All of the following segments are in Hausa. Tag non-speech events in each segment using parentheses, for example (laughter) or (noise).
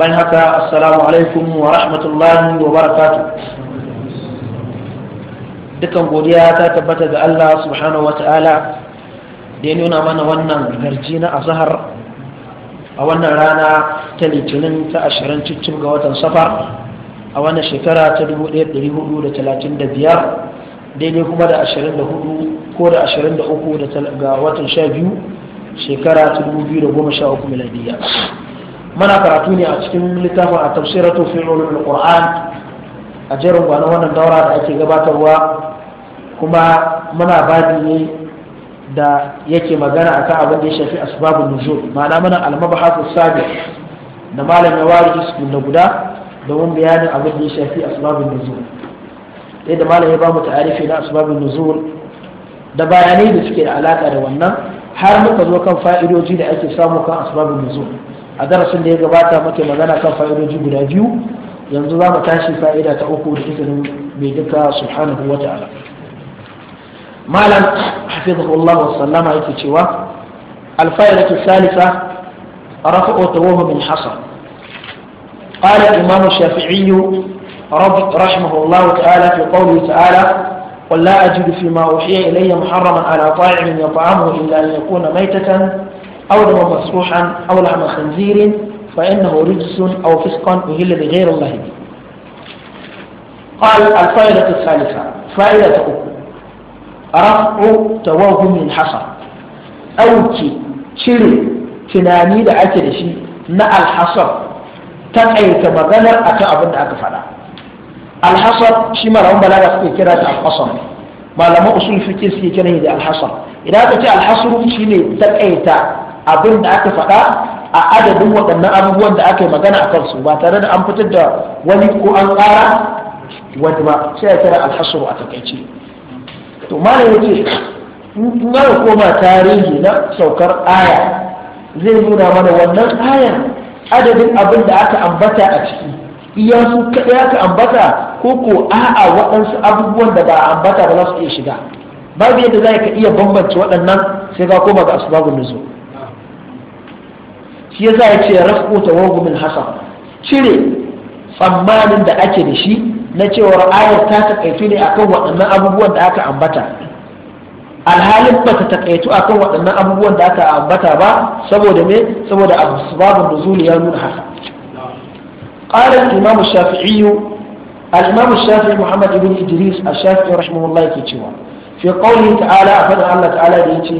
bayan haka assalamu alaikum wa rahmatullahi wa barakatu dukan godiya ta tabbata ga Allah subhanahu wa ta'ala da ya nuna mana wannan garji na azahar a wannan rana ta litinin ta ashirin cikin ga watan safar a wannan shekara ta 1435 daidai kuma da 24 ko da 23 ga watan Sha biyu shekara ta 2013 miladiyya muna karatu ne a cikin littafin a tafsirar tofin ulumul qur'an a jerin gwanon wannan daura da ake gabatarwa kuma muna badi ne da yake magana akan abin da ya shafi asbabun nuzul ma'ana muna almabhasu sabi da malam ya wari isu da guda domin bayanin abin da ya shafi asbabun nuzul yadda malam ya ba mu ta'arifi na asbabun nuzul da bayanai da suke da alaka da wannan har muka zo kan fa'idoji da ake samu kan asbabun nuzul a darasin da ya gabata muke magana kan fa'idoji guda biyu yanzu za mu tashi fa'ida ta uku da izinin mai duka subhanahu wa ta'ala malam hafizahullah wa sallama yake cewa alfa'idatu salisa rafa'u tawhu min hasan قال الإمام الشافعي رب رحمه الله تعالى في قوله تعالى قل لا أجد فيما أوحي إلي محرما على طاعم يطعمه إلا أن يكون ميتة أو دما مسروحا أو لحم خنزير فإنه رجس أو فسقا أهل لغير الله به قال الفائدة الثالثة فائدة رفع توهم حصى أو تي تشيري تناني دا أكدشي مع الحصر تنعي كمغانا أكا أبن أكفر الحصر شما رأوم بلاغا في كرة القصم ما لما أصول في كيس كي كنه الحصر إذا أتي الحصر شيني تنعي تا abin da aka faɗa a adadin waɗannan abubuwan da aka yi magana a kansu ba tare da an fitar da wani ko an ƙara wani ba sai a kira alhasuru a takaice to ya yace in aka koma tarihi na saukar aya zai nuna mana wannan aya adadin abin da aka ambata a ciki iya su kaɗai aka ambata ko ko a'a waɗansu abubuwan da ba a ambata ba za su iya shiga babu yadda za ka iya bambance waɗannan sai ka koma ga asbabun nuzul shi yasa ya ce rafu tawagu min hasan cire tsammanin da ake da shi na cewar ayar ta takaitu ne akan waɗannan abubuwan da aka ambata alhalin ba ta takaitu akan waɗannan abubuwan da aka ambata ba saboda me saboda asbabun nuzuli ya nuna haka قال الإمام الشافعي الإمام الشافعي محمد بن إدريس الشافعي رحمه الله كتشوى في قوله تعالى أفضل الله تعالى yake.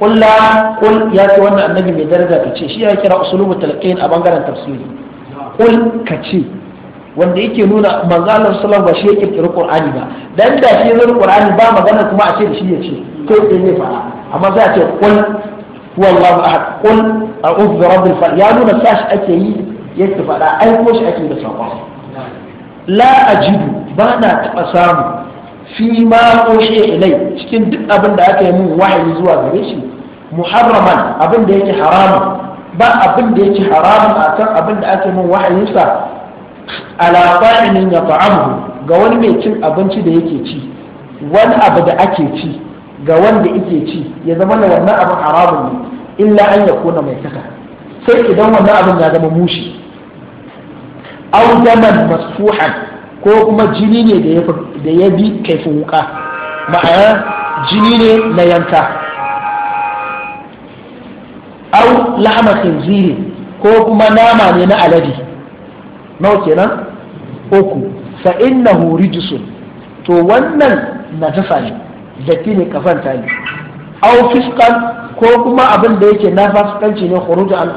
kulla kul ya ce wannan annabi mai daraja ka ce shi ya kira usulubu talqin a bangaren tafsiri kul ka ce wanda yake nuna manzo Allah sallallahu ba shi ya kirkiri Qur'ani ba dan da shi zai Qur'ani ba magana kuma a ce da shi ya ce kai sai ne fara amma za a ce kul huwallahu ahad kul a'udhu rabbil falaq ya nuna sashi ake yi yake fada ai ko shi ake da sako la ajidu ba na taba samu fi ma ƙoshe ilai cikin duk abin da aka yi mun wahayi zuwa gare shi muharraman abin da yake haramun ba abin da yake a kan abin da ake min wahayinsa ala ta'imin ya ta'amu ga wani mai cin abinci da yake ci wani abu da ake ci ga wanda yake ci ya zama na wannan abin haramun ne illa an ya kona mai saka sai idan wannan abin ya zama mushi au daman masfuhan ko kuma jini ne da ya bi kaifin wuka ma'ana jini ne na yanka au lahama khinziri ko kuma nama ne na alade nawa kenan uku fa innahu rijsun to wannan najasa ne datti ne kafanta ne au fiskan ko kuma abin da yake na fasikanci ne khuruj an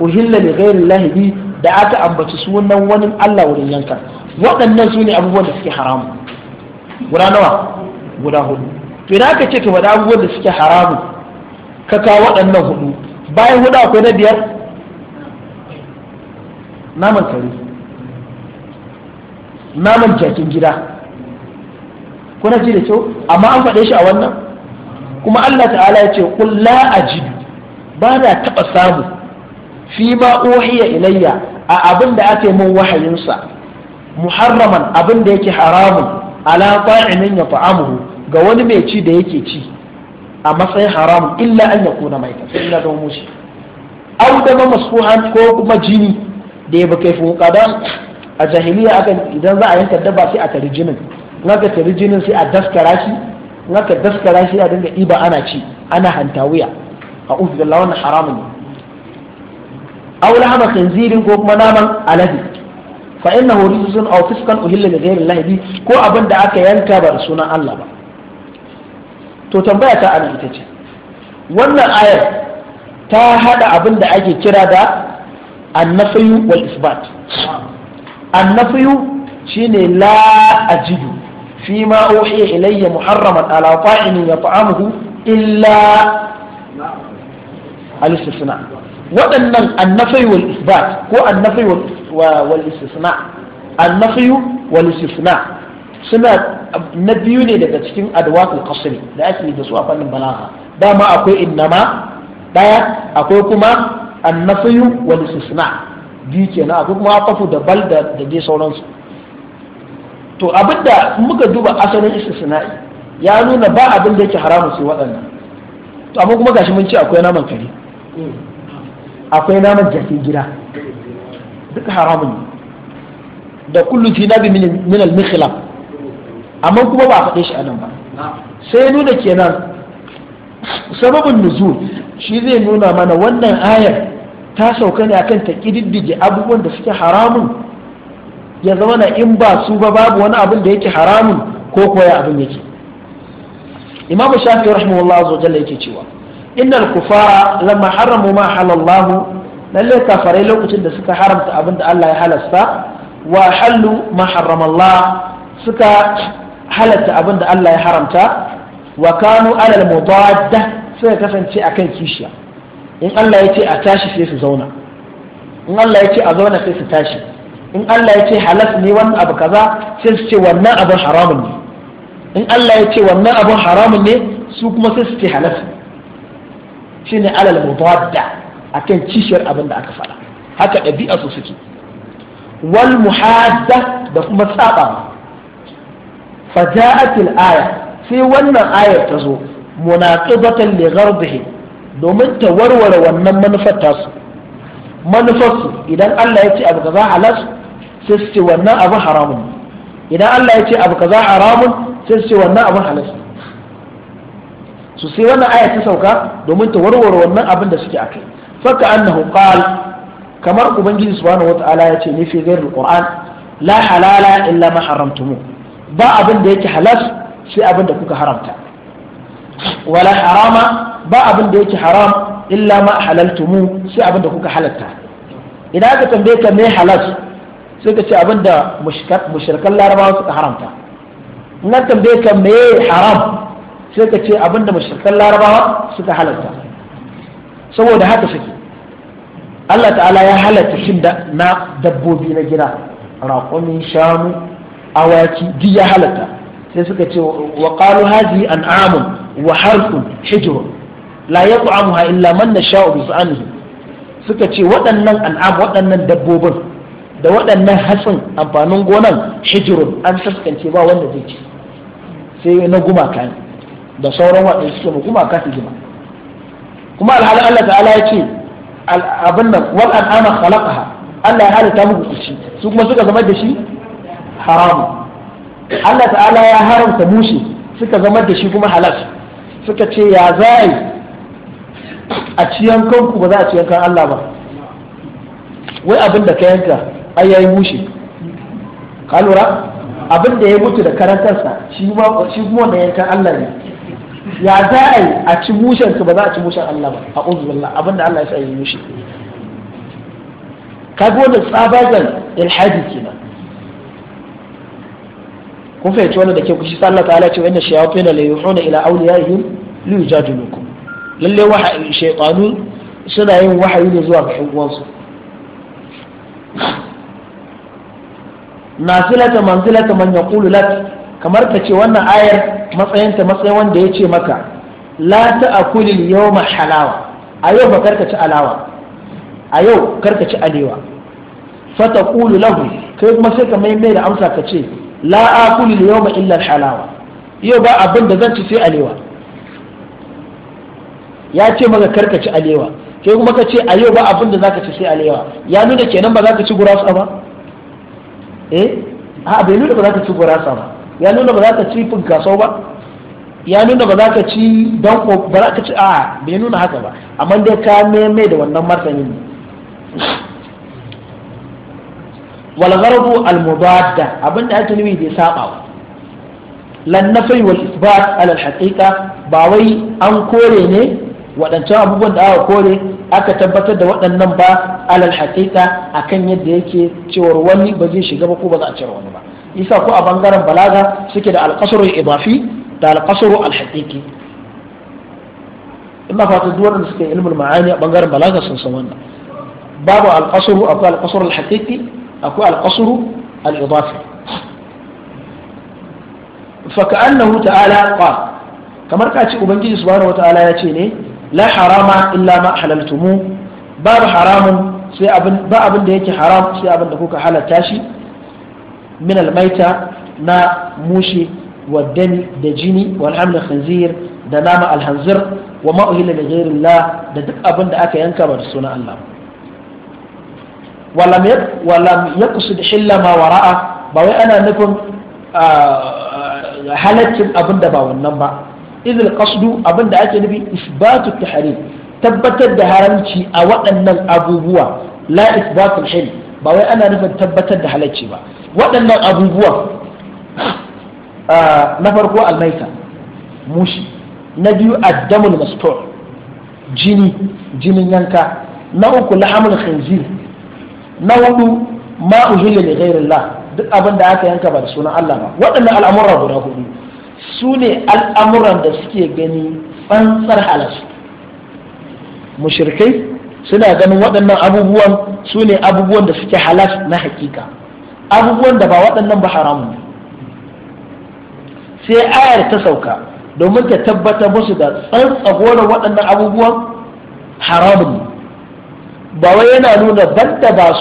u uhilla li ghairi bi da aka ambaci sunan wani Allah wurin yanka waɗannan su ne abubuwan da suke haramu guda nawa guda hudu to idan aka ce ka abubuwan da suke haramu ka kawo waɗannan hudu bayan hudu akwai na biyar naman kare naman jakin gida kuna ji da kyau amma an faɗe shi a wannan kuma Allah ta'ala ya ce qul la ajidu ba na taɓa samu fi ma uhiya ilayya a abin da ake min wahayinsa muharraman abin da yake haramun ala ta'imin ya ta'amuhu ga wani mai ci da yake ci a matsayin haramun illa an na maita sai ya zama mushi an dama masfuhan ko kuma jini da ya bakai fi don a jahiliya akan idan za a yanka dabba sai a tari jinin naka tari jinin sai a daskara shi naka daskara shi a dinga iba ana ci ana hantawiya a ufi da lawan haramun ne Aula hama khinzirin ko kuma naman alade fa innahu rizqun a fiskan uhilla li ghayri Allah bi ko abin da aka yanka ba sunan Allah ba to tambaya ta ana ita ce wannan ayar ta hada abin da ake kira da annafiyu wal isbat annafiyu shine la ajidu fi ma uhiya ilayya muharraman ala ya yat'amuhu illa al istisna waɗannan annafiyu wal isbat ko annafiyu wal istisna annafiyu wal istisna suna na biyu ne daga cikin adwatul qasri da ake da su a fannin balagha ma akwai innama daya akwai kuma annafiyu wal istisna biyu kenan akwai kuma atafu da bal da dai sauransu to abinda muka duba asalin istisna'i ya nuna ba abin da yake haramun sai waɗannan to amma kuma gashi mun ce akwai naman kare akwai naman jafin gida duka haramun ne da kullu fi nabi min al-mikhlab amma kuma ba a faɗe shi anan ba sai nuna kenan sababin nuzul shi zai nuna mana wannan ayar ta sauka ne akan ta abubuwan da suke haramun ya zama na in ba su ba babu wani abin da yake haramun ko koya abin yake imamu shafi rahimahullah azza jalla yake cewa innal kufara lamma haramu ma halallahu lalle kafarai lokacin da suka haramta abin da Allah ya halasta wa halu ma suka halatta abin da Allah ya haramta wa kanu alal mudadda suka kasance akan kishiya in Allah ya ce a tashi sai su zauna in Allah ya ce a zauna sai su tashi in Allah ya ce halas ne wannan abu kaza sai su ce wannan abu haramun ne in Allah ya ce wannan abu haramun ne su kuma sai su ce halas shine alal mudadda akan kishiyar abin da aka faɗa haka ɗabi'a su suke wal muhadda da kuma saba faja'atil aya sai wannan ayar ta zo munaqibatan domin ta warware wannan manufar manufarsu idan Allah ya ce abu kaza halas sai su ce wannan abu haramun idan Allah ya ce abu kaza haramun sai su ce wannan abu halas su sai wannan aya ta sauka domin ta warware wannan abin da suke akai faka annahu qal kamar ubangiji subhanahu wata'ala ya ce ne fi ghairil qur'an la halala illa ma haramtumu ba abin da yake halas sai abin da kuka haramta wala harama ba abin da yake haram illa ma halaltumu sai abin da kuka halatta idan aka tambaye ka me halas sai ka ce abin da mushrikan larabawa suka haramta in an tambaye ka me haram sai ka ce abin da mushrikan larabawa suka halatta saboda haka suke Allah ta'ala ya halatta shin na dabbobi na gida raƙumin shanu awaki duk ya halatta sai suka ce wa qalu hadhihi an'amun wa harfun hijrun la yat'amuha illa man nasha'u bi sa'anihi suka ce waɗannan an'am waɗannan dabbobin da waɗannan hatsin amfanin gonan hijrun an saskance ba wanda zai ci sai na gumaka ne da sauran waɗanda suke ma gumaka su gima kuma alhalin Allah ta'ala ya ce abin nan wal an'ama khalaqaha Allah ya halitta muku kuci su kuma suka zama da shi haram Allah ta'ala ya haramta mushi suka zama da shi kuma halal suka ce ya zai a ciyan kanku ba za a ciyan kan Allah ba wai abin da ka yanka ai yayi mushi ka lura abin da ya mutu da karantarsa shi kuma wanda yankan Allah ne ya zai a yi a ci mushensu ba za a ci mushen Allah ba a uzubillah abin da Allah ya sa yi mushi ka gode tsabagen ilhadi kenan kun fahimci wannan da ke kushi sa Allah ta'ala ce wa inna shayatin la yuhuna ila awliyaihim li yujadilukum lalle wahayi shaytanu suna yin wahayi ne zuwa ga uwansu nasilata manzilata man yaqulu lak kamar ta ce wannan ayar matsayinta matsayin wanda ya ce maka la ta'kulil yawma halawa a yau ba karkaci alawa a yau karkaci alewa fata ƙulu lahu kai kuma sai ka mai da amsa ka ce la akulu yawma illa halawa yau ba abin da zan ci sai alewa ya ce maka karka ci alewa kai kuma ka ce a yau ba abin da zaka ci sai alewa ya nuna kenan ba za ka ci gurasa ba eh a bai nuna ba za ka ci gurasa ba ya nuna ba za ka ci finkaso ba ya nuna ba za ka ci dan ba za ka ci a bai nuna haka ba amma dai ka meme da wannan martanin ne wal gharadu al mudadda abinda ake nufi da saba wa lan nafi wal isbat ba wai an kore ne waɗancan abubuwan da aka kore aka tabbatar da waɗannan ba alal haƙiƙa akan yadda yake cewar wani ba zai shiga ba ko ba za a wani ba isa ko a bangaren balaga suke da da ina suke a bangaren balaga sun san wannan babu alƙasaru akwai alƙasarul haƙiƙi akwai alƙasuru faka faka'annahu ta'ala qala kamar ka ce ubangiji subhanahu ta'ala ya ce ne la harama illa ma halaltumu babu haramun sai abin ba abin da yake haram sai abin da kuka halatta shi min almaita na mushi wa dani da jini wa haml khanzir da nama alhanzir wa ma'uhila da li da duk abin da aka yanka ba da sunan Allah walam yaqsid hilla ma wara'a ba wai ana nufin ah, ah, halaccin abin ba wannan ba idil qasdu abin da ake nufi isbatu tahrim tabbatar da haramci a waɗannan abubuwa la isbatul hil ba wai ana nufin tabbatar da halacci ba waɗannan abubuwan, ah, na farko almaita mushi na biyu addamul mastur jini jinin yanka na uku lahamul khinzir na hudu ma uhilla li duk abin da aka yanka ba da sunan Allah ba waɗannan al'amuran guda hudu su ne al'amuran da suke gani tsantsar halasu mushrikai suna ganin waɗannan abubuwan su ne abubuwan da suke halas na hakika abubuwan da ba waɗannan ba haramun sai ayar ta sauka domin ta tabbatar musu da tsantsagoran waɗannan abubuwan haramun ba wai yana nuna banda ba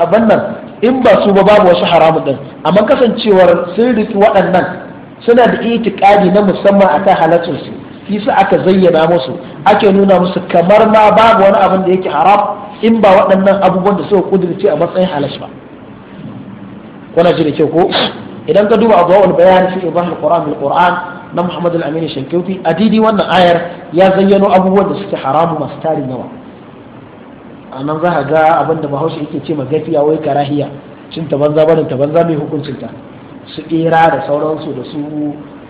abin nan in ba su ba babu wasu haramun din amma kasancewar sun riki waɗannan suna da itikadi na musamman akan halaccin su fi sa aka zayyana musu ake nuna musu kamar ma babu wani abin da yake haram in ba waɗannan abubuwan da suka kudirce a matsayin halas ba kuna ji da kyau ko idan ka duba wani bayani fi ibah alquran quran na muhammad al-amin shankauti a didi wannan ayar ya zayyano abubuwan da suke haramu masu tarin yawa a nan za a ga abin da bahaushe yake ce ma gafiya wai karahiya cin ta banza barin ta banza mai hukuncin ta su kera da sauransu da su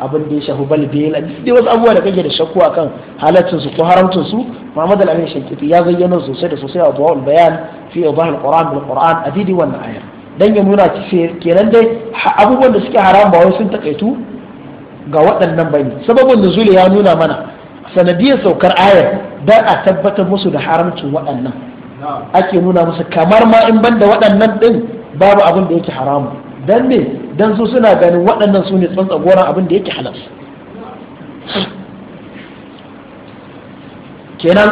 abin da ya shafi balbela dai wasu abubuwa da kake da shakku akan halaccin su ko haramcin su Muhammad al-Amin Shankiti ya zayyana sosai da sosai a Bawul Bayan fi Ibah al-Quran bil Quran a didi wannan ayar dan ya nuna kenan dai abubuwan da suke haram ba wai sun takaitu ga waɗannan bane sababin nuzuli ya nuna mana sanadiyar saukar ayar dan a tabbatar musu da haramcin waɗannan ake nuna musu kamar ma in banda waɗannan ɗin babu abin da yake haramu dan ne dan su suna ganin waɗannan su ne goron abin da yake halal kenan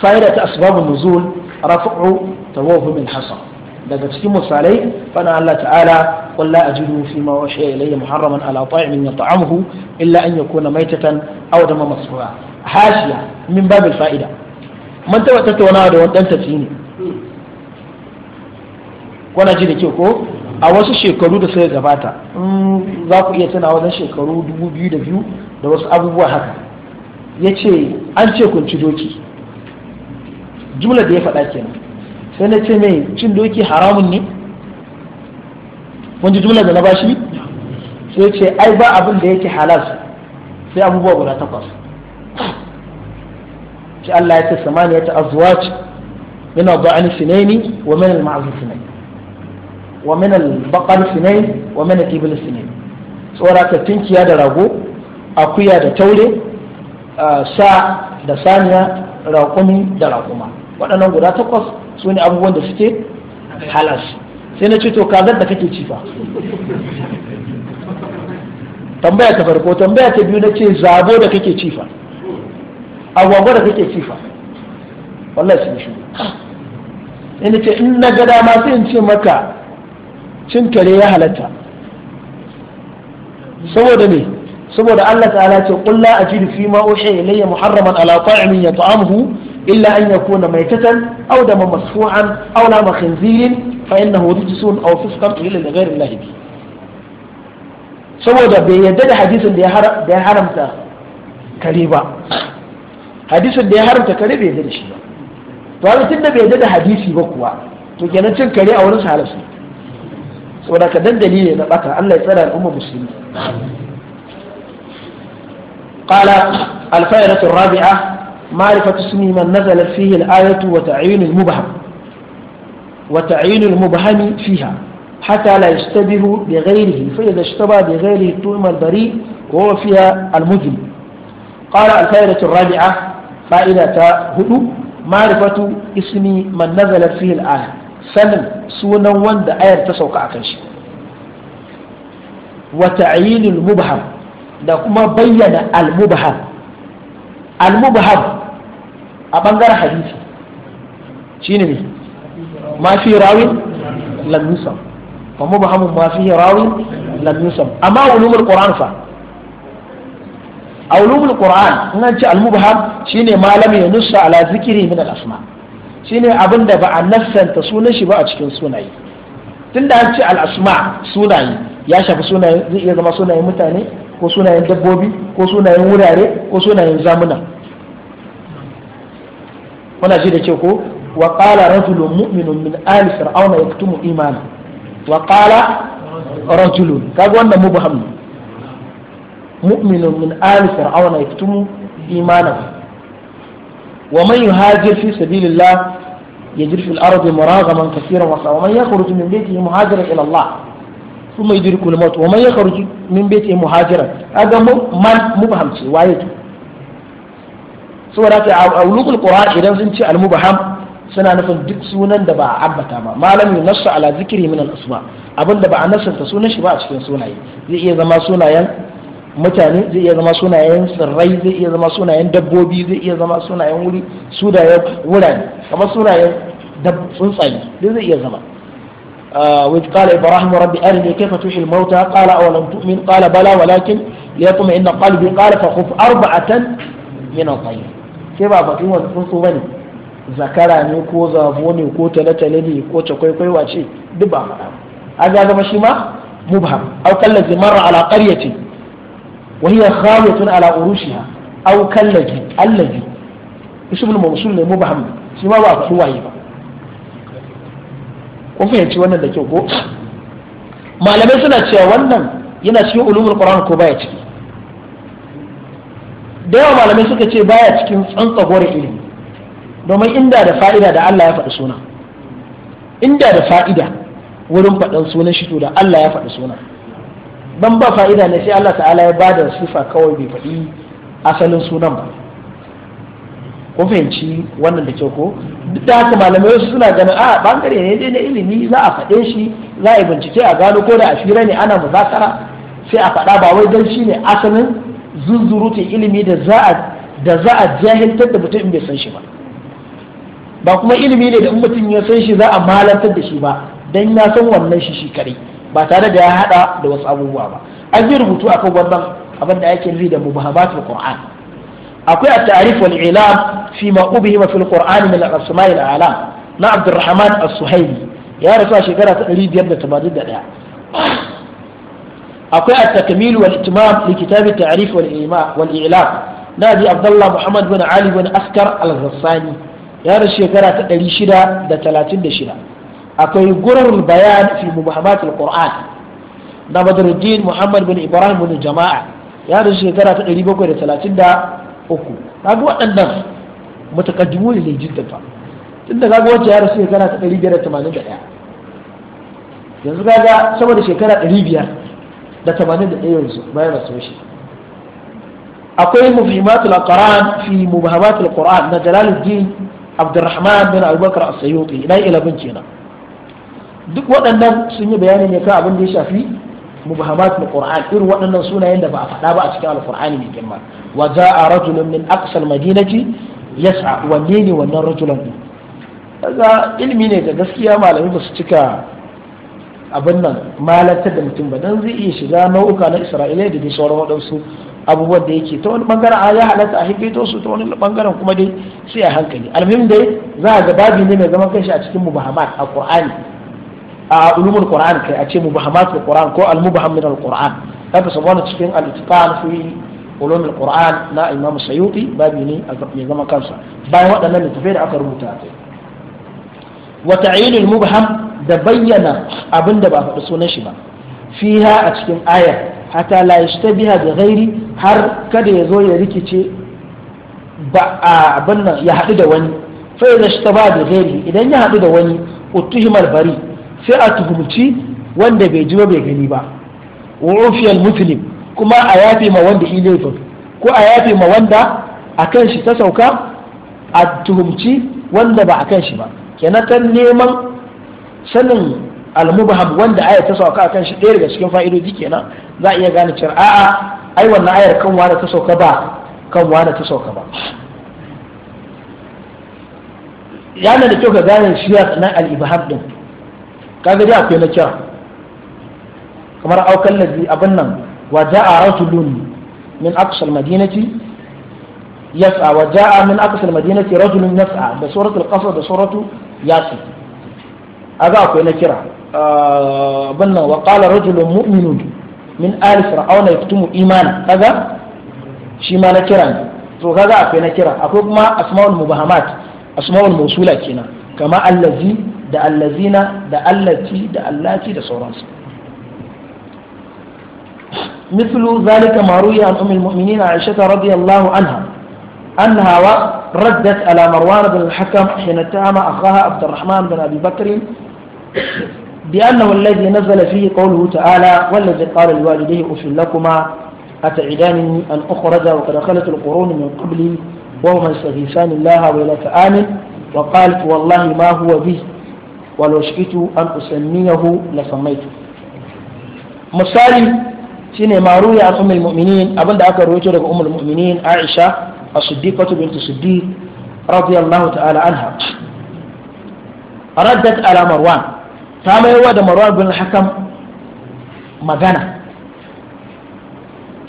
fa'ida ta asbabun nuzul rafu'u tawaffu bil hasan daga cikin misalai fana Allah ta'ala qul la ajidu fi ma washiya ilayya muharraman ala ta'imin illa an yakuna maytatan aw dama masfuha hashiya min babil fa'ida mun taɓa tattaunawa da wani ɗan ne kwana ji da ke ko a wasu shekaru da suka gabata za ku iya tana wajen shekaru dubu biyu da biyu da wasu abubuwa haka ya ce an ce kun ci doki jumla da ya faɗa kenan sai na ce mai cin doki haramun ne kun ji jumla da na bashi sai ce ai ba abin da yake halas sai abubuwa guda takwas shi Allah ya ce samaniya ta azwaj min al-ba'an sinaini wa min al-ma'az sinaini wa min al-baqar sinaini wa min al-ibil sinaini tsora ka tinkiya da rago akuya da taure sa da saniya raƙumi da raƙuma waɗannan guda takwas su ne abubuwan da suke halas sai na ce to kazar da kake cifa (laughs) tambaya ta farko tambaya ta biyu na ce zabo da kake cifa agwagwa da take cifa wallahi sun shi ina ce in na ga dama sai in ce maka cin kare ya halatta saboda me saboda Allah ta'ala ce qul la ajidu fi ma uhiya ilayya muharraman ala ta'imin yat'amuhu illa an yakuna maytatan aw daman masfu'an aw lama khinzirin fa innahu rijsun aw fisqan ila ghayri Allah bi saboda bai yadda da hadisin da ya haramta kare ba hadisin da ya haramta kare bai yadda da shi ba to haka tun da bai yadda da hadisi ba kuwa to kenan cin kare a wurin sahalarsu saboda ka dan dalili na baka Allah ya tsara al'umma musulmi qala al-fa'idatu ar-rabi'ah ma'rifatu قال الفائدة الرابعة معرفة اسم من نزلت فيه الآية وتعيين المبهم وتعيين المبهم فيها حتى لا يشتبه بغيره فإذا اشتبه بغيره اتهم البريء وهو فيها المذنب قال الفائدة الرابعة ƙa'ida ta hudu ma'rifatu ismi man nazala fihi al sanin sunan wanda ayar ta sauka akan shi wa ta'yinul da kuma bayyana al-mubham a bangaren hadisi shine ne ma fi rawin lam yusam fa ma fi rawin lam yusam amma ulumul fa ulumul qur'an in an ce al-mubham shine malami ya nusa ala zikiri min al-asma shine abin da ba a nassanta sunan shi ba a cikin sunaye tunda an ce al-asma sunaye ya shafi sunaye zai iya zama sunayen mutane ko sunayen dabbobi ko sunayen wurare ko sunayen zamuna muna ji da ke ko wa qala rajulun mu'minun min ali fir'auna yaktumu imana wa qala rajulun kaga wannan mubham mu'minun min ali fir'auna yaktumu imanahu wa man yuhajir fi sabilillah يجري في الأرض مراغما كثيرا وسعا ومن يخرج من بيته مهاجرا إلى الله ثم يدرك الموت ومن يخرج من بيته مهاجرا هذا من مبهم شيء saboda ta aulukul qur'an idan sun ce almubaham suna nufin duk sunan da ba a ambata ba malami nasu ala zikiri min al-asma abinda ba a nasarta sunan shi ba a cikin sunaye zai iya zama sunayen mutane zai iya zama sunayen tsirrai zai iya zama sunayen dabbobi zai iya zama sunayen wuri su da ya wurare kamar sunayen tsuntsaye duk zai iya zama ah, wajen kala ibrahim rabbi ari ne kaifa tushil mauta kala a walan tumin kala bala walakin ya kuma inna kalbi kala fa kuf arba'atan min al-qayyim ke ba ba kin wani tsuntsu ne? zakara ne ko zabo ne ko talatale ne ko cakwaikwai wace duk ba ma a ga zama shi ma mubham aw kallazi alaƙar ala qaryatin wa hiya khawiyatun ala urushiha aw kallaji allaji ismul mawsul ne mubham shi ma ba ku waye ba kun fahimci wannan da kyau ko malamai suna cewa wannan yana cikin ulumul qur'an ko baya ciki da yawa malamai suka ce baya cikin tsantsagwar ilimi domin inda da fa'ida da Allah ya faɗi suna inda da fa'ida wurin faɗin sunan shi to da Allah ya faɗi suna don ba fa'ida ne sai Allah ta'ala ya ba bada sifa kawai bai faɗi asalin sunan ba kun fahimci wannan da kyau ko duk da haka malamai wasu suna ganin a bangare ne dai na ilimi za a faɗe shi za a bincike a gano ko da a fira ne ana muzakara sai a faɗa ba wai don shi ne asalin zuzzurutun ilimi da za a da za jahiltar da mutum bai san shi ba ba kuma ilimi ne da in mutum ya san shi za a malantar da shi ba dan ya san wannan shi shi kare ba tare da ya hada da wasu abubuwa ba an yi rubutu akan wannan abin da ake nufi da mubahabatul qur'an akwai at-ta'rif wal ilam fi ma ubihima fil qur'an min al-asma'il a'lam na Abdurrahman as-Suhaili ya rasu a shekara ta 581 akwai at-takmil wal itmam li kitab at-ta'rif wal ilam wal ilam na bi Abdullah Muhammad bin Ali bin Askar al-Ghassani ya rasu shekara ta 636 akwai gurar bayan fi muhammadul alquran na badruddin muhammad bin ibrahim bin jama'a ya da shekara ta 733 kaga waɗannan mutakaddimu ne jiddata tunda kaga wacce ya rasu shekara ta 581 yanzu kaga sama da shekara 500 da 81 yanzu bayan rasu shi akwai mufhimatul alquran fi muhammadul alquran na jalaluddin abdurrahman bin abubakar as-sayyuti ila ila bin kenan duk waɗannan sun yi bayani ne kan abin da ya shafi waɗannan القرآن إن وأن سنة ba a a القرآن من جمع وجاء رجل من أقصى المدينة min والليل madinaci ya sa wanne ne wannan ilimi ne da gaskiya malamai ba su cika abin nan malatar da mutum ba dan zai iya shiga nau'uka na isra'ila da dai sauran waɗansu abubuwan da yake ta wani bangaren ya halatta a hikaito su ta wani bangaren kuma dai sai a hankali almuhim dai za a ga babi ne mai zaman shi a cikin mubahamat a qur'ani a ulumul qur'an kai a ce mubahamatul qur'an ko al-mubaham min al-qur'an haka su wani cikin al-itqan fi ulumul qur'an na imam sayuti babi ne ya zama kansa bayan waɗannan littafai da aka rubuta a kai wa ta'yinul mubham da bayyana abin da ba faɗi sunan shi ba fiha a cikin ayar hatta la yashtabiha bi ghairi har kada ya zo ya rikice ba abin nan ya haɗu da wani fa idza ishtaba bi ghairi idan ya haɗu da wani utuhimal bari sai a tuhumci wanda bai ji ba bai gani ba wa ufiyal muslim kuma a yafe ma wanda ilaifin ko a yafe ma wanda a kan shi ta sauka a tuhumci wanda ba a kan shi ba kenan ta neman sanin almubham wanda aya ta sauka a kan shi ɗaya daga cikin fa'idoji kenan za a iya gane cewa a'a ai wannan ayar kan wani ta sauka ba kan wani ta sauka ba yana da kyau ka gane shi na al-ibham din kaga dai akwai na kira kamar aukan ladhi abin nan wa ja'a rajulun min aqsal madinati yas'a wa ja'a min aqsal madinati rajulun yas'a da suratul qasas da suratu yasin kaga akwai na kira ah, abin nan wa qala rajulun mu'minun min ali fir'auna yaktumu imana kaga shi ma na kira ne to kaga akwai na kira akwai kuma asma'ul mubahamat asma'ul mawsula kenan kama allazi da allazina da allaci da allaci da sauransu mislu zalika ma ruya an ummul mu'minin aisha radiyallahu anha annaha wa raddat ala marwan bin al-hakam hina tama akhaha abd arrahman bin abi bakr bi annahu alladhi nazala fihi qawluhu ta'ala walladhi qala li walidayhi ufil lakuma أتعدانني أن أخرج وقد خلت القرون من قبلي وهما يستغيثان الله ويلتآمن وقالت والله ما هو به walau shi'itu an usammiyahu la samaitu misali shine maruya ruya an ummul abinda aka rawaito daga ummul mu'minin Aisha as-siddiqatu bint siddiq radiyallahu ta'ala anha raddat ala marwan ta maiwa da marwan bin hakam magana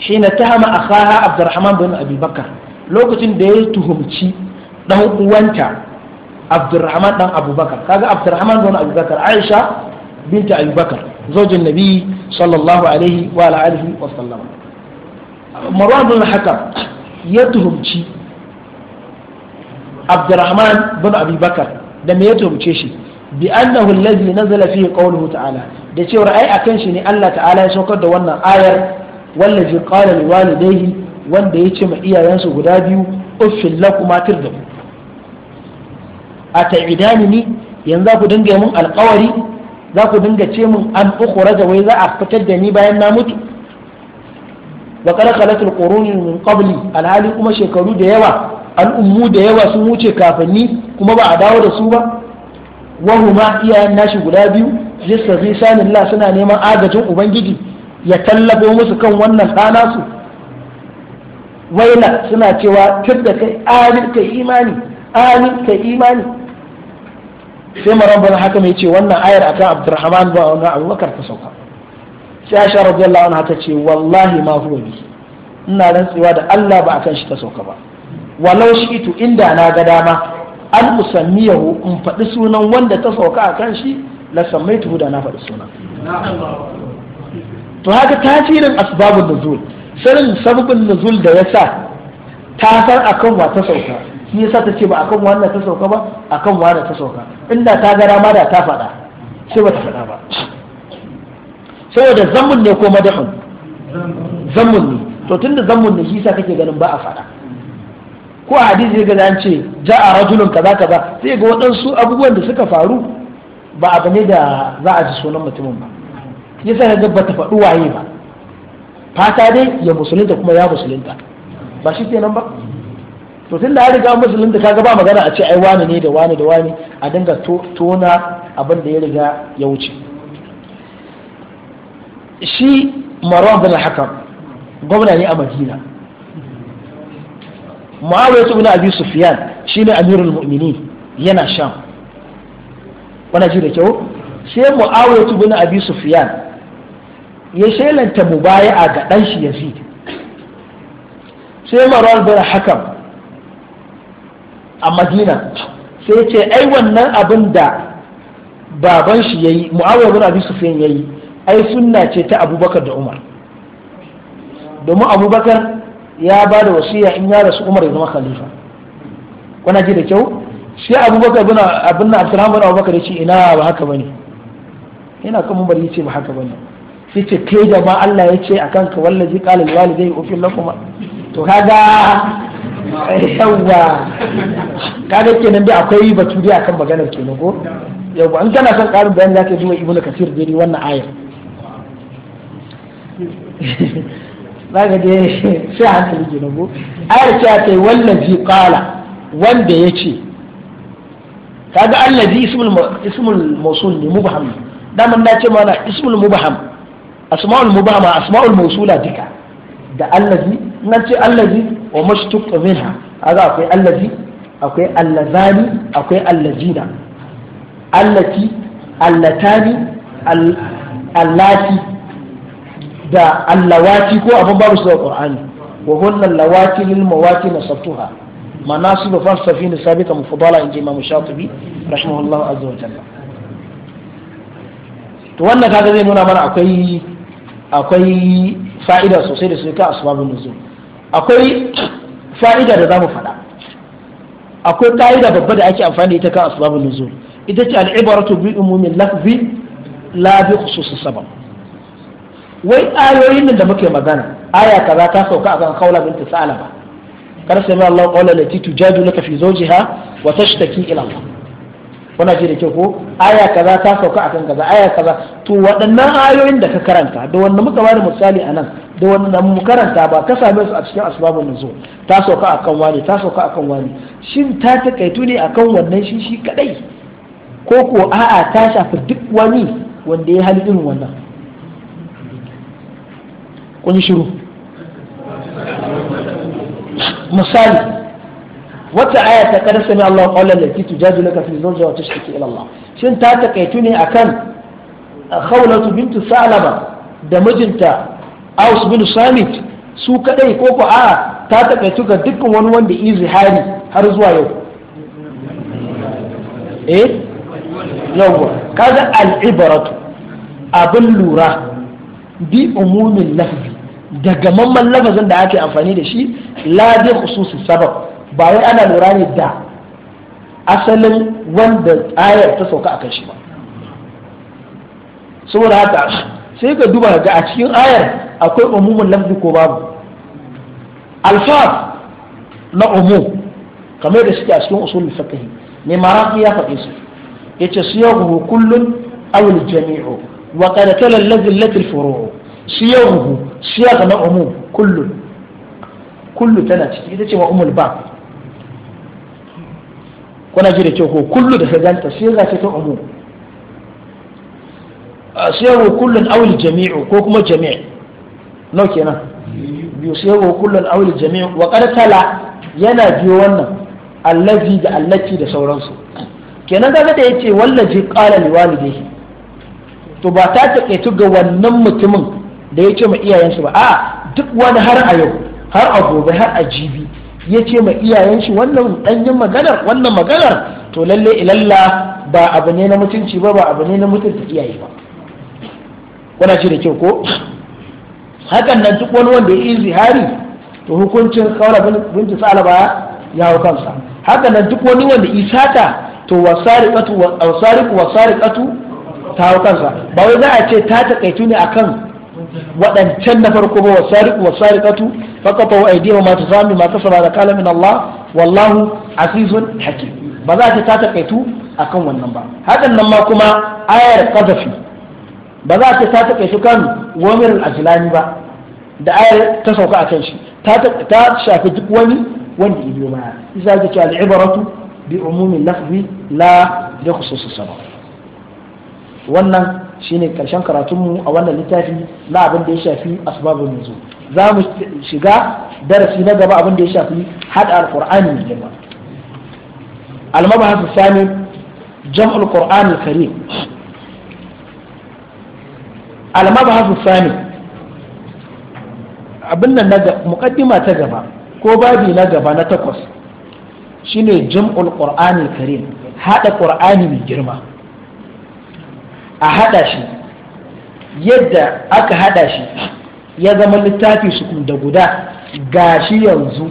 shine tahama akhaha abdurrahman bin abi lokacin da ya tuhumci dan uwanta abdurrahman dan abubakar kaga abdurrahman dan abubakar aisha binta abubakar zaujin nabi sallallahu alaihi wa alihi wa sallam marwan bin hakam ya tuhumci abdurrahman bin abubakar da me ya tuhumce shi bi annahu allazi nazala fihi qawluhu ta'ala da cewa ai akan shi ne Allah ta'ala ya saukar da wannan ayar wallazi qala liwalidayhi wanda ya ce ma iyayensu guda biyu uffin lakuma tirda ku a ni? yanzu za ku dinga mun alkawari za ku dinga ce mun an da wai za a fitar da ni bayan na mutu wa qad khalatul quruni min qabli alhali kuma shekaru da yawa al'ummu da yawa sun wuce kafanni kuma ba a dawo da su ba wa huma iyayen nashi guda biyu la suna neman agajin ubangiji ya tallafo musu kan wannan ɗana su waila suna cewa tun da kai amin imani amin imani sai maran bana haka mai ce wannan ayar akan abdurrahman ba wannan abubakar ta sauka sai shara radiyallahu lawan haka ce wallahi ma huwa bi ina rantsewa da Allah ba akan shi ta sauka ba walau shi itu inda na ga dama an musammiyahu in faɗi sunan wanda ta sauka a kan shi la tuhu da na faɗi sunan to haka tasirin asbabun nuzul sanin sababin nuzul da yasa ta san akan wa ta sauka shi yasa ta ce ba akan na ta sauka ba akan na ta sauka inda ta gara ma da ta faɗa sai ba ta faɗa ba saboda zammun ne ko madahun zammun ne to tunda zammun ne shi yasa kake ganin ba a faɗa ko a hadisi ga an ce ja a rajulun kaza kaza sai ga waɗansu abubuwan da suka faru ba abu ne da za a ji sunan mutumin ba yasa ka ba ta faɗi waye ba fata dai ya musulunta kuma ya musulunta ba shi kenan ba to tun da ya riga da kaga ba magana a ce ai wani ne da wani da wani a dinga tona abin da ya riga ya wuce shi marwan bin hakan gwamna ne a madina na ibn abi shi ne amirul mu'minin yana sham Wana ji da kyau sai muawiya ibn abi sufiyan ya shelanta mubaya'a ga ɗanshi shi yazid sai marwan bin hakan a madina sai ce ai wannan abin da baban shi ya yi mu'awar bin abi sufiyan ya yi ai sunna ce ta abubakar da umar domin abubakar ya ba da wasiya in ya rasu umar ya zama khalifa kuna ji da kyau sai abubakar bin abin na abdurrahman bin abubakar ya ce ina ba haka bane Ina kan mumbar ya ce ba haka bane sai ce kai da ma Allah ya ce akan ka wallazi qala lil walidayhi ufil lakum to kaga yawwa kaga kenan dai akwai batu dai akan maganar kenan ko yawwa an kana son karin bayani zaka ji wa ibnu kasir dai wannan ayar zaka je sai hankali kenan ko ayar ce ta wallazi qala wanda yace kaga allazi ismul ismul mawsul ne mubham da mun nace mana ismul mubham asma'ul mubhama asma'ul mawsula duka da allazi na ce allazi wa mashtuq minha kaga akwai allazi akwai allazani akwai allazina allati allatani allati da allawati ko abin babu su da qur'ani wa hunna allawati lil mawati nasabtuha manasibu falsafin sabita mufadala inji imam shatibi rahimahullahu azza wa jalla to wannan kaga zai nuna mana akwai akwai fa'ida sosai da su ka asbabun nuzul akwai fa'ida da za mu faɗa akwai ƙa’ida babba da ake amfani da ita kan asibabin nuzul ita ce al'ibaratu bi umumin lafzi la bi khususus sabab wai ayoyin nan da muke magana aya kaza ta sauka akan kaula binti salama kar sai ma Allah qawla lati tujadu laka fi zawjiha wa tashtaki ila Allah kuna ji da ke ko aya kaza ta sauka akan kaza aya kaza to waɗannan ayoyin da ka karanta da wanda muka bada misali a nan da wanda mu karanta ba ka same su a cikin asbabun nuzul ta sauka akan wani ta sauka akan wani shin ta takaitu ne akan wannan shi shi kadai ko ko a'a ta shafi duk wani wanda ya hali irin wannan kun shiru misali wata aya ta kada sami Allah qawlan lati tujadilu ka fi zawjiha wa tashtaki ila Allah shin ta takaitu ne akan khawlatu bintu salama da mijinta aus bin samit su kadai ko ko a ta takaitu ga dukkan wani wanda izihari har zuwa yau eh yawwa kaga al abin lura bi umumin lafzi daga mamman lafazin da ake amfani da shi la bi khususi sabab ba wai ana lura ne da asalin wanda ayar ta sauka akan shi ba saboda haka sai ka duba ga a cikin ayar akwai umumin lafi ko babu alfaf na umu kamar da suke a cikin usul fakahi ne maraki ya faɗi su su yau kullun kullum awul jami'u wa qad lafin furu. allati al furu' siyahu siyaq na umu kullum kullum tana ciki ita ce wa umul ba kuna ji da cewa ko kullu da saganta siga ce ta umum siyaru kullun awil jami'u ko kuma jami' nau kenan biyu siyaru kullun awil jami'u wa Tala yana biyo wannan allazi da allati da sauransu kenan ga da yace wallazi qala liwalidayhi to ba ta takaitu ga wannan mutumin da ya ce ma iyayensu ba a duk wani har a yau har a gobe har a jibi ya ce ma iyayen shi wannan yin maganar wannan maganar to lalle ilalla ba abu ne na mutunci ba ba abu ne na mutunta iyaye ba kuna ce da kyau ko hakan nan duk wani wanda ya yi zihari to hukuncin kawara binti ba ya hau kansa hakan nan duk wani wanda isata to wasariqatu wasariqu ta hau kansa ba wai za a ce ta takaitu ne akan waɗancan na farko ba wasu wasariqu wasariqatu faqatu aydihum ma tazamu ma kasaba da kala min Allah wallahu azizun hakim ba za ta ta a kan wannan ba hakan nan ma kuma ayar qadafi ba za ta ta taƙaitu kan wamir al-ajlani ba da ayar ta sauka akan shi ta shafi duk wani wanda ya biyo baya isa ga cewa al bi umumin lafzi la da khususus sabab wannan shine karshen karatunmu a wannan littafi na abin da ya shafi asbabun nuzul za mu shiga darasi na gaba abin da ya shafi hada alqur'ani mai girma المبحث الثاني جمع القرآن الكريم المبحث الثاني abin nan muqaddima ta gaba ko babi na gaba na takwas shine jam'ul qur'anil karim hada qur'ani mai girma a haɗa shi yadda aka haɗa shi ya zama littafi su da guda ga shi yanzu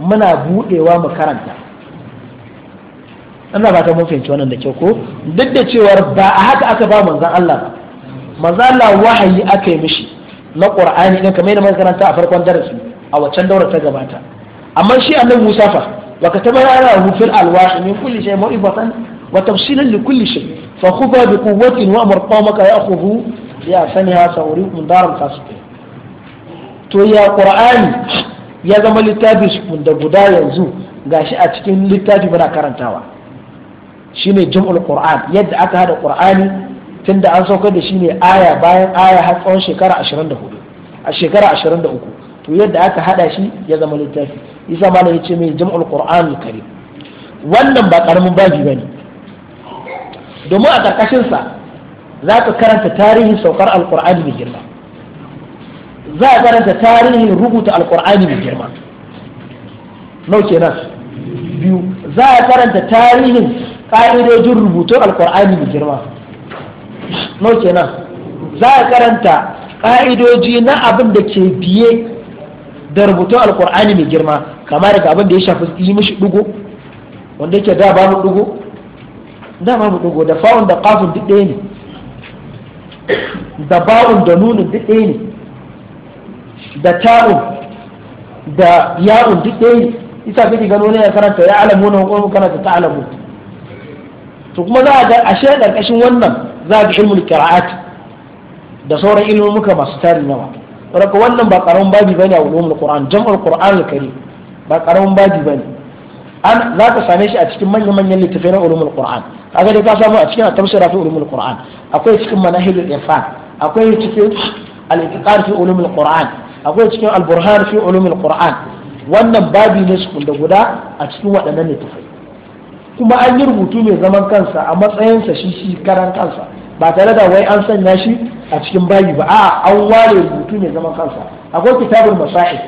muna buɗewa mu karanta Ina ba ta mun fahimci wannan da kyau ko duk da cewar ba a haka aka ba manzan Allah ba manzan Allah wahayi aka yi mishi na ƙur'ani ɗin kamar yadda karanta a farkon darasi a waccan daura ta gabata amma shi annabi Musa fa wa katabara ala fil alwahi min kulli shay'in maw'izatan wa tafsilan li kulli shay'in fa khufa bi quwwatin wa amur qawmaka ya'khudhu ya to ya qur'ani ya zama littafi shukun da guda yanzu gashi a cikin littafi muna karantawa shine jum'ul qur'an yadda aka hada qur'ani tunda an saukar da shi ne aya bayan aya har tsawon shekara 24 a shekara 23 to yadda aka hada shi ya zama littafi isa malam yace mai jum'ul qur'an karim wannan ba karamin babi bane domin a ƙarƙashinsa za ka karanta tarihin saukar alƙur'ani mai girma za a karanta tarihin rubuta alƙur'ani mai girma nau kenan biyu za a karanta tarihin ƙa'idojin rubutun alƙur'ani mai girma nau kenan za a karanta ƙa'idoji na abin da ke biye da rubutun alƙur'ani mai girma kamar da abin da ya shafi yi mishi ɗugo wanda yake da mu ɗugo dama mu dogo da fa'un da qafun duk ɗaya ne da ba'un da nunun duk ɗaya ne da ta'un da ya'un duk ɗaya ne isa kake gano ne ya karanta ya alamu na hukumar karanta ta alamu to kuma za a ga ashe ƙarƙashin wannan za a ga ilmul qira'at da sauran ilmumuka masu tarin nawa. wannan ba karamin babi bane a ulumul qur'an jam'ul qur'an al-karim ba karamin babi bane an za ka same shi a cikin manyan manyan littafai na ulumul qur'an kaga dai ka samu a cikin tafsira fi ulumul qur'an akwai cikin manahilul irfan akwai cikin al-iqar fi ulumul qur'an akwai cikin al-burhan fi ulumul qur'an wannan babi ne su kunda guda a cikin waɗannan littafai kuma an yi rubutu mai zaman kansa a sa shi shi karan kansa ba tare da wai an sanya shi a cikin babi ba a'a an ware rubutu mai zaman kansa akwai kitabul masa'id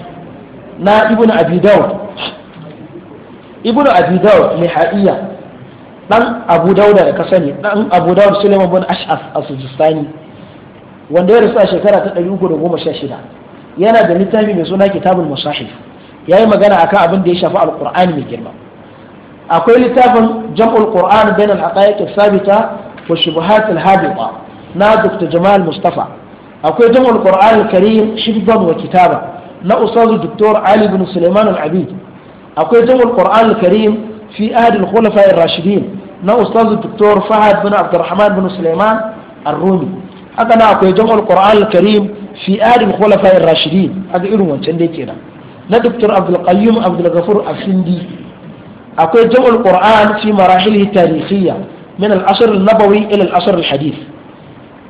na ibnu abi dawud ibn abi dawud lihaiya dan abu dauda da ka sani dan abu dawud suleiman bin ash'af as-sujistani wanda ya rasu a shekara ta 316 yana da littafi mai suna kitabul musahif yayi magana akan abin da ya shafi alqur'ani mai girma akwai littafin jam'ul qur'an bain al-haqa'iq as-sabita wa shubuhat al-habita na dr jamal mustafa akwai jam'ul qur'an al-karim shibban wa kitaba na ustazu dr ali bin suleiman al-abid akwai jami'ul qur'an karim fi adil al-khulafa ar-rashidin na ustaz dr fahad bin abdurrahman bin sulaiman ar-rumi haka na akwai jami'ul qur'an karim fi adil al-khulafa ar-rashidin haka irin wancan dai kenan na dr abdul qayyum abdul ghafur afindi akwai jami'ul qur'an fi marahili tarihiyya min al-ashr nabawi ila al-ashr al-hadith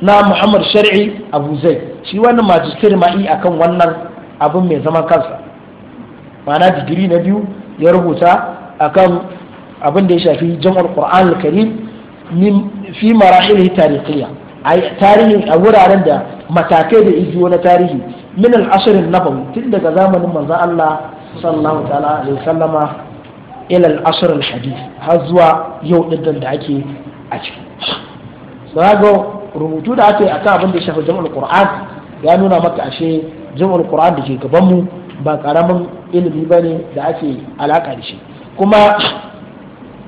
na muhammad shar'i abu zai shi wannan majistir ma'i akan wannan abin mai zaman kansa ma'ana digiri na biyu ya rubuta akan abin da ya shafi jam'ul qur'an al-karim fi marahil tarihiyya tarihi a wuraren da matakai da ijiyo na tarihi min al-ashr an tun daga zamanin manzon Allah sallallahu ta'ala alaihi sallama ila al-ashr al-hadith har zuwa yau din da ake a ciki sago rubutu da ake akan abin da ya shafi jam'ul qur'an ya nuna maka ashe jam'ul qur'an da ke gaban mu ba karamin ilimi ba ne da ake alaƙa da shi kuma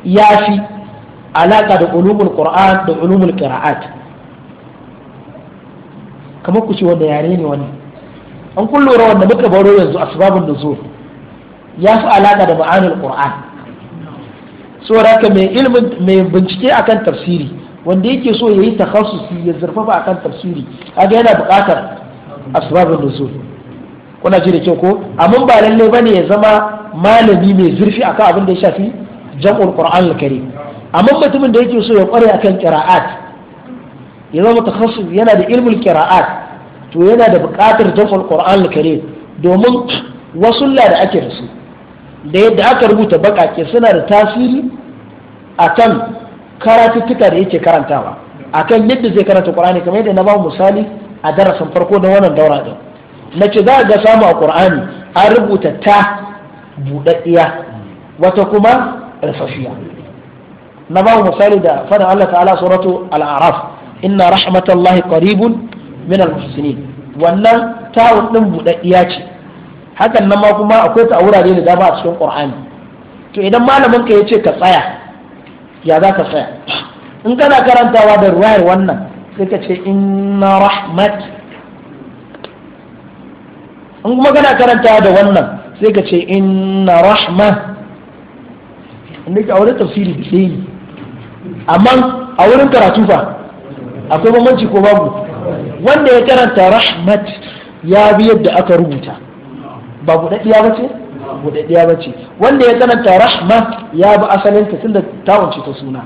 ya fi alaƙa da ulumul qur'an da ulumul qira'at kamar ku ce wanda yare ne wani an kun lura wanda muka baro yanzu asbabun nuzul ya fi alaƙa da ma'anul qur'an So raka mai ilimin mai bincike akan tafsiri wanda yake so yayi takhassusi ya zurfafa akan tafsiri kaga yana buƙatar asbabun nuzul kuna ji da kyau ko amma ba lalle bane ya zama malami mai zurfi akan abin da ya shafi jam'ul qur'an al-karim amma mutumin da yake so ya kware akan qira'at ya zama takhassus yana da ilmin qira'at to yana da buƙatar jam'ul qur'an al-karim domin wasulla da ake da su da yadda aka rubuta bakake suna da tasiri akan karatuttuka da yake karantawa akan yadda zai karanta qur'ani kamar yadda na ba misali a darasin farko da wannan daura din na ce za ga samu a ƙur'ani an rubuta ta buɗaɗɗiya wata kuma rufafiya na ba misali da faɗin Allah ta'ala suratu al'araf inna rahmatallahi qaribun min al-muhsinin wannan tawun din buɗaɗɗiya ce hakan nan ma kuma akwai ta wurare da dama a cikin ƙur'ani to idan malamin ka yace ka tsaya ya za ka tsaya in kana karantawa da ruwayar wannan sai ka ce inna rahmat in kuma kana karanta da wannan sai ka ce inna rahma inda ke a wurin tafsiri da ɗaya amma a wurin karatu fa akwai bambanci ko babu wanda ya karanta rahmat ya bi yadda aka rubuta ba buɗaɗɗiya ba ce buɗaɗɗiya ba ce wanda ya karanta rahma ya bi asalinta tunda ta wuce ta suna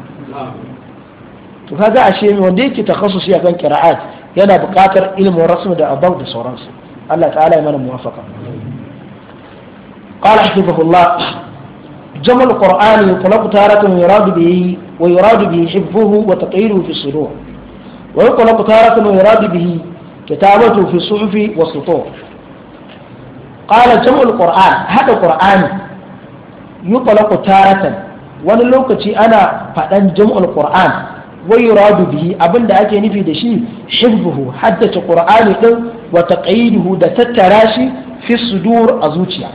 to kaga ashe wanda yake takhassusi akan qira'at yana buƙatar ilimin rasmi da abau da sauransu الله تعالى يمن موافقة قال حفظه الله جمل القرآن يطلق تارة ويراد به ويراد به حفظه وتقيله في الصدور ويطلق تارة ويراد به كتابته في الصحف والسطور قال جمع القرآن هذا القرآن يطلق تارة وانا لو ana انا jam'ul qur'an القرآن ويراد به ابن ake nufi دشي حفظه حدث القرآن qur'ani wa taqayiduhu da tattara shi fi sudur a zuciya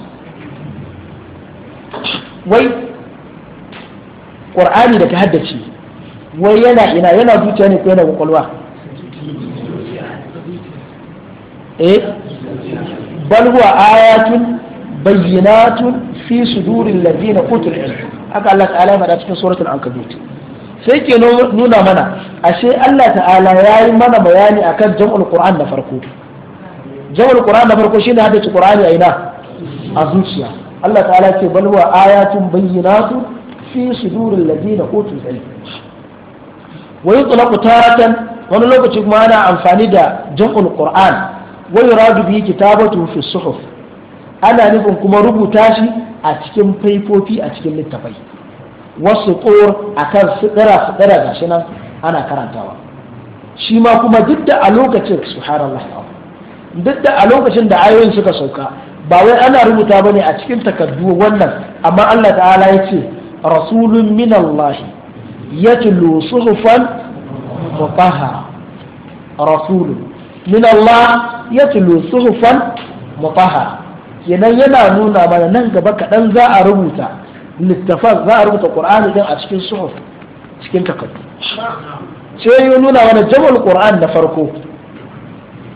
wai qur'ani da ka haddace wai yana ina yana zuciya ne ko yana kwakwalwa eh bal huwa ayatun bayyinatun fi sudurin ladina utul ilm haka Allah ta'ala ya cikin suratul ankabut sai ke nuna mana ashe Allah ta'ala ya yi mana bayani akan jam'ul qur'an na farko jawar qur'an da farko shine haddace qur'ani a ina a zuciya Allah ta'ala ce bal wa ayatun bayyinatu fi suduril ladina utul ilm wa yutlaqu taratan wani lokaci kuma ana amfani da jam'ul qur'an wa yuradu bihi kitabatu fi suhuf ana nufin kuma rubuta shi a cikin faifofi a cikin littafai wasu tsor a kan sidira sidira gashi ana karantawa shi ma kuma duk da a lokacin subhanallah duk da a lokacin da ayoyin suka sauka ba wai ana rubuta ba ne a cikin takardu wannan amma Allah ta'ala ya ce rasulun min Allah ya tulu suhufan mutahara rasulun min Allah ya tulu suhufan mutahara kenan yana nuna mana nan gaba kaɗan za a rubuta littafan za a rubuta ƙur'ani din a cikin suhuf cikin takardu sai ya nuna mana jamal ƙur'an na farko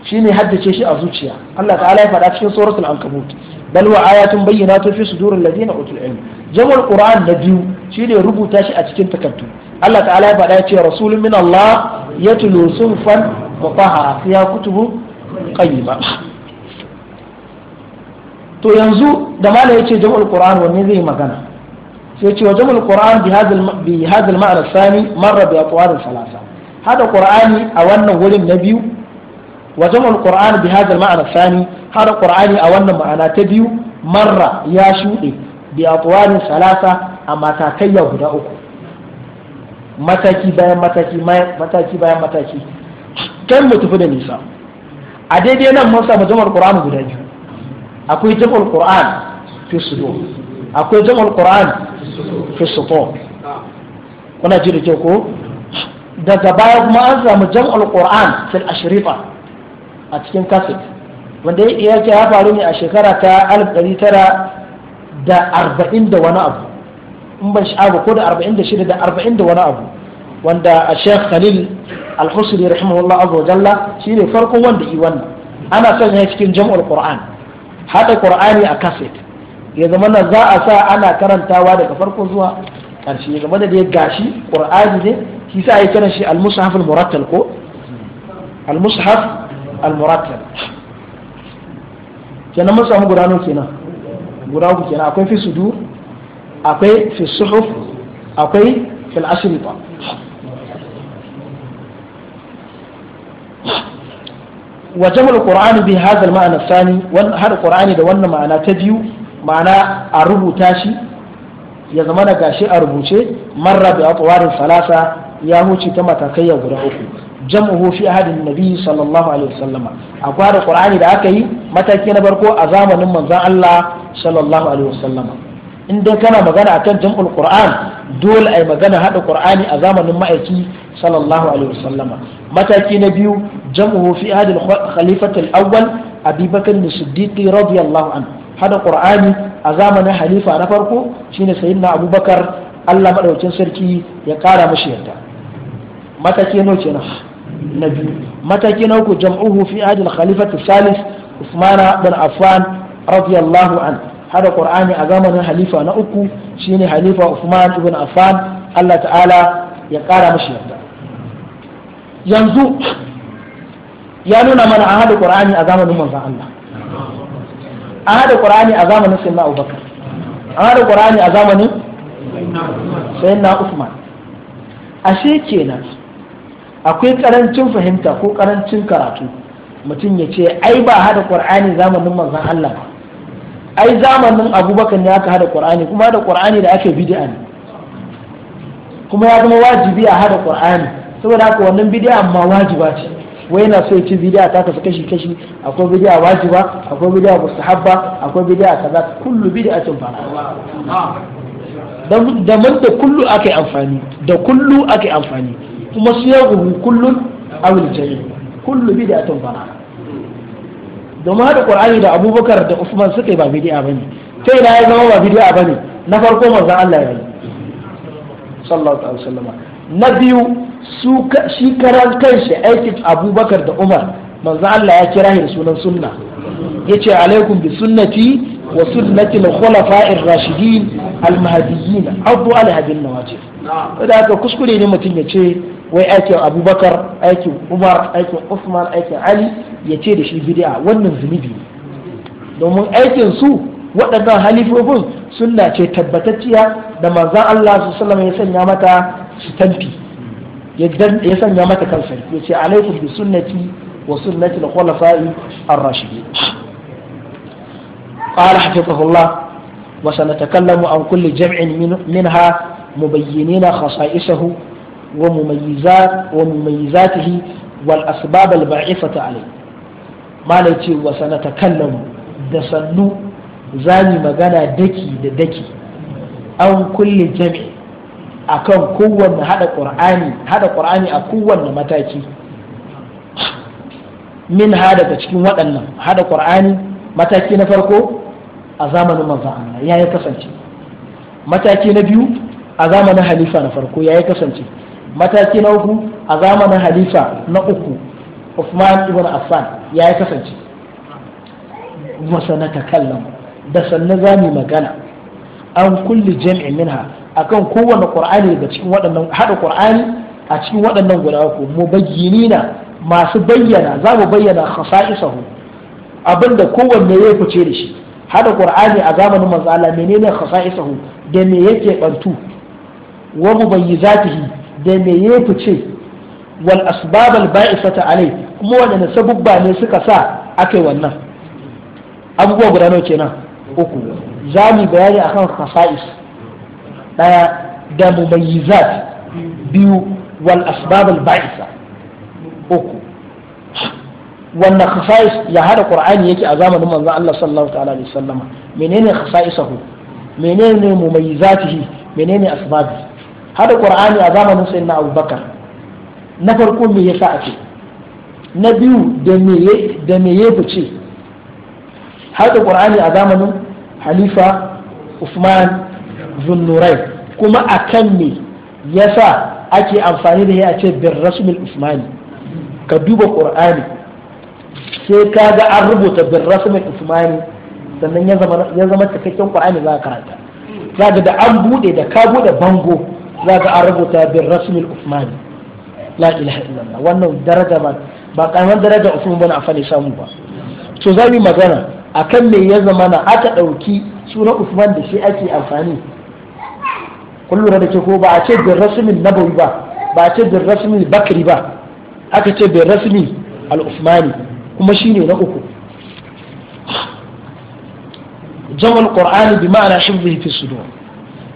shine haddace shi a zuciya Allah ta'ala ya faɗa cikin suratul ankabut bal wa ayatun bayyinatun fi sudurin ladina utul ilm jama'ul qur'an na biyu shine rubuta shi a cikin takaddu Allah ta'ala ya faɗa ya ce rasulun min Allah yatlu sunfan mutahhara fiha kutubu qayyima to yanzu da mala yace jama'ul qur'an wanne zai magana sai cewa wa qur'an bi hadal bi hadal sani marra bi atwar salasa hada qur'ani a wannan wurin na biyu وجمع القرآن بهذا المعنى الثاني هذا القرآن أولا معنى تبيو مرة يا شوئي بأطوال ثلاثة أما تاكي يهدى أكو متاكي باية متاكي متاكي باية متاكي كم متفد النساء أدي دينا موسى بجمع القرآن بدأي أكو يجمع القرآن في الصدور أكو يجمع القرآن في الصدور kuna jirage ko daga baya kuma an samu jam'ul qur'an fil ashrifa a cikin kaset wanda ya ce ya faru ne a shekara ta alif ɗari tara da arba'in da wani abu in ban sha'aba ko da arba'in da shida da arba'in da wani abu wanda a shek khalil al-husri rahimahullah azza wa jalla shine farko wanda yi wannan ana son ya cikin jam'ul qur'an hada qur'ani a kaset ya zama na za a sa ana karantawa daga farko zuwa ƙarshe ya zama da dai gashi qur'ani ne shi sa ya kiran shi al-mushaf al-murattal ko al-mushaf al-murattal kenan mun samu guda nawa kenan guda uku kenan akwai fi sudur akwai fi suhuf akwai fil ashrita وجمع القرآن بهذا المعنى الثاني هذا القرآن ده وانا معنى تبيو معنى أربو تاشي ya zama na gashi a rubuce marra da atwarin falasa ya huce ta matakai ya guda uku jam'uhu fi ahadin nabi sallallahu alaihi wasallama akwai da qur'ani da aka yi mataki na farko a zamanin manzon Allah sallallahu alaihi wasallama in dai kana magana akan jam'ul qur'an dole ai magana hada qur'ani a zamanin ma'aiki sallallahu alaihi wasallama mataki na biyu jam'uhu fi ahadin khalifati al-awwal Abi Bakr as-Siddiq radiyallahu anhu hada qur'ani a zamanin halifa na farko shine sayyidina Abubakar Allah madaukakin sarki ya kara mashi yarda mataki nawa kenan na biyu mataki na uku jam'uhu fi adil khalifatu salis usman bin affan radiyallahu an hada qur'ani a zamanin halifa na uku shine halifa usman ibn affan Allah ta'ala ya kara mashi yarda yanzu ya nuna mana an hada qur'ani a zamanin manzon Allah an hada qur'ani a zamanin sayyidina Abubakar an hada qur'ani a zamanin sayyidina Usman ashe kenan akwai karancin fahimta ko karancin karatu mutum ya ce ai ba hada qur'ani zamanin manzon Allah ba ai zamanin abubakar ne aka hada qur'ani kuma hada qur'ani da ake bid'a ne kuma ya zama wajibi a hada qur'ani saboda haka wannan bid'a ma wajiba ce wai yana so ya ci bid'a ta kasu kashi kashi akwai bid'a wajiba akwai bid'a mustahabba akwai bid'a kaza kullu bid'atin fara da mun da kullu akai amfani da kullu akai amfani kuma siyaguhu kullun awil jami kullu bid'atun dalala domin hada qur'ani da abubakar da usman suka yi ba bid'a bane sai na ya zama ba bid'a bane na farko manzon Allah ya yi sallallahu alaihi wasallam na biyu su shi karan kanshi aikin abubakar da umar manzon Allah ya kira shi da sunan sunna yace alaikum bi sunnati wa sunnati al-khulafa'ir rashidin al-mahdiyyin abu ala hadin nawajib da haka kuskure ne mutum ya ce wai aikin abubakar aikin umar aikin usman aikin ali ya ce da shi bid'a wannan zunubi ne domin aikin su waɗannan halifofin sunna ce tabbatacciya da manzan Allah su sallama ya sanya mata su tamfi ya sanya mata kansa ya ce alaikum bi sunnati wa sunnati an khulafai ar-rashidin قال حفظه الله وسنتكلم عن كل جمع منها مبينين خصائصه ومميزات ومميزاته والأسباب الباعثة عليه ما لتي وسنتكلم دسنو زاني مغانا دكي دكي أو كل جمع akan kowanne hada qur'ani hada qur'ani a kowanne mataki min ha daga cikin waɗannan hada qur'ani mataki na farko a zamanin manzon Allah ya kasance mataki na biyu a zamanin halifa na farko ya kasance mataki na uku a zamanin halifa na uku Uthman ibn Affan ya yi kasance masana ta kallon da sannan za mu magana an kulli jam'in minha akan kowane qur'ani da cikin waɗannan hada qur'ani a cikin waɗannan guda uku Mu na. masu bayyana za mu bayyana khasa'isahu abinda kowanne ya fice da shi haɗa qur'ani a zamanin manzo Allah menene khasa'isahu da me yake bantu wa yi. da me ya ce wal asbab al ba'isata alai kuma wadanne sabubba ne suka sa akai wannan abubuwa guda nawa kenan uku za mu bayani akan khasa'is daya da mumayyizat biyu wal asbabal ba'isa uku wannan khasa'is ya hada qur'ani yake a zamanin manzon Allah sallallahu ta'ala alaihi wasallama menene khasa'isahu menene mumayyizatihi menene asbabihi hada qur'ani a zamanin sayyidina abubakar na farko me yasa ake na biyu da me da me ya fice hada qur'ani a zamanin halifa usman zunnurai kuma akan me yasa ake amfani da ya a ce bin rasmil usmani ka duba qur'ani sai ka ga an rubuta bin rasmil usmani sannan ya zama cikakken qur'ani za ka karanta za da an bude da ka bude bango za ka an rubuta bin rasmil usmani la ilaha illallah wannan daraja ba ba karaman daraja usman bin a ya samu ba to za mu magana akan me ya na aka ɗauki sunan usman da shi ake amfani kun da ke ko ba a ce bin rasmin nabawi ba ba a ce bin rasmin bakri ba aka ce bin rasmi al-usmani kuma shine na uku jamal qur'ani bi ma'ana hifzihi fi sudur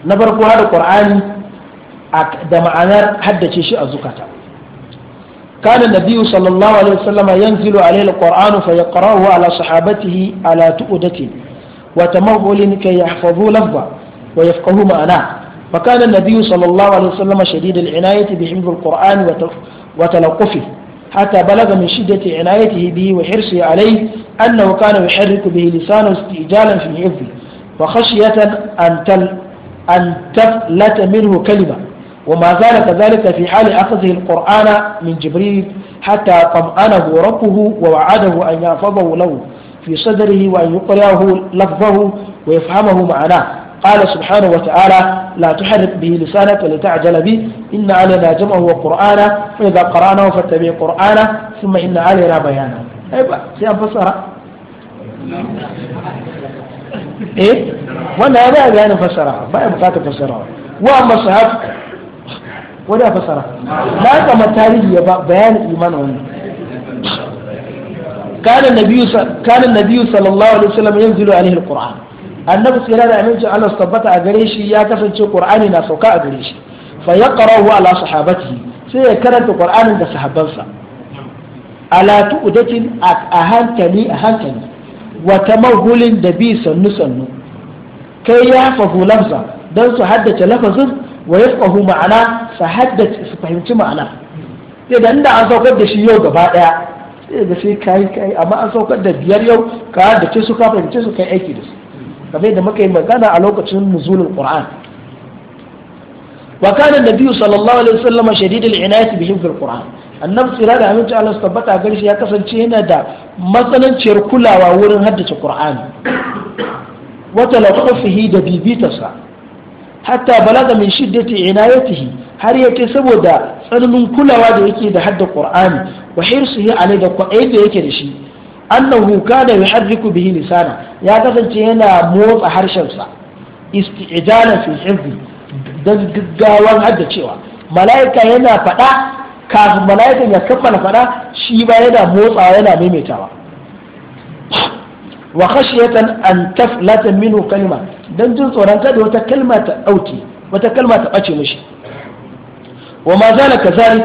na farko hada qur'ani da ma'anar haddace shi a zukata kana nabi sallallahu alaihi wasallam yanzilu alayhi alquranu fa yaqra'uhu ala sahabatihi ala tu'udati wa tamawwalin kay yahfazu lafza wa yafqahu ma'ana fa kana nabi sallallahu alaihi wasallam shadid al'inayati bi hifz alquran wa wa talaqqufi hatta balaga min shiddati inayatihi bihi wa hirsi alayhi annahu kana yuharriku bihi lisanahu istijalan fi hifzi wa khashyatan an tal an tafla minhu kalimah وما زال كذلك في حال أخذه القرآن من جبريل حتى طمأنه ربه ووعده أن يحفظه له في صدره وأن يقرأه لفظه ويفهمه معناه قال سبحانه وتعالى لا تحرك به لسانك لتعجل به إن علينا جمعه وقرآنه فإذا قرأناه فاتبع قرآنه ثم إن علينا بيانه أيوة سينفسر إيه؟ وأنا هذا يعني فسرها ما يبقى تفسرها وأما الصحابة ko da fasara ba ka ma tarihi ya bayan imani wannan kana nabi sallallahu alaihi wasallam yanzilu alaihi alquran annabi sai yana da aminci Allah tabbata a gare shi ya kasance qur'ani na sauka a gare shi fa yaqra'u ala sahabatihi sai ya karanta qur'anin da sahabbansa ala tu'datin a a hankali wa tamahulin da bi sannu sannu kai ya fahu lafza dan su haddace lafazin wa yafqahu ma'ana fa haddath su fahimci ma'ana sai dan da an saukar da shi yau gaba daya sai da sai kai kai amma an saukar da biyar yau ka da ce su ka fahimci su kai aiki da su kamar da muka yi magana a lokacin nuzulul qur'an wa kana nabiyyu sallallahu alaihi wasallam shadidul inayati bi hifdhil qur'an annabi tsira da aminci Allah tabbata gari shi ya kasance yana da matsananciyar kulawa wurin haddace qur'ani wata lafafihi da bibitarsa hatta balaga min shiddati inayatihi har yake saboda tsananin kulawa da yake da hadda qur'ani wa hirsihi alai da kwaɗayi da yake da shi annahu kana yuharriku bihi lisana ya kasance yana motsa harshen sa, isti'jalan fi hifzi da gaggawan cewa mala'ika yana faɗa kafin mala'ikan ya kammala faɗa shi ba yana motsawa yana maimaitawa wa khashyatan an taflata minhu kalima dan jin tsoron kada wata kalma ta dauki wata kalma ta bace mishi wa ma zala kazalik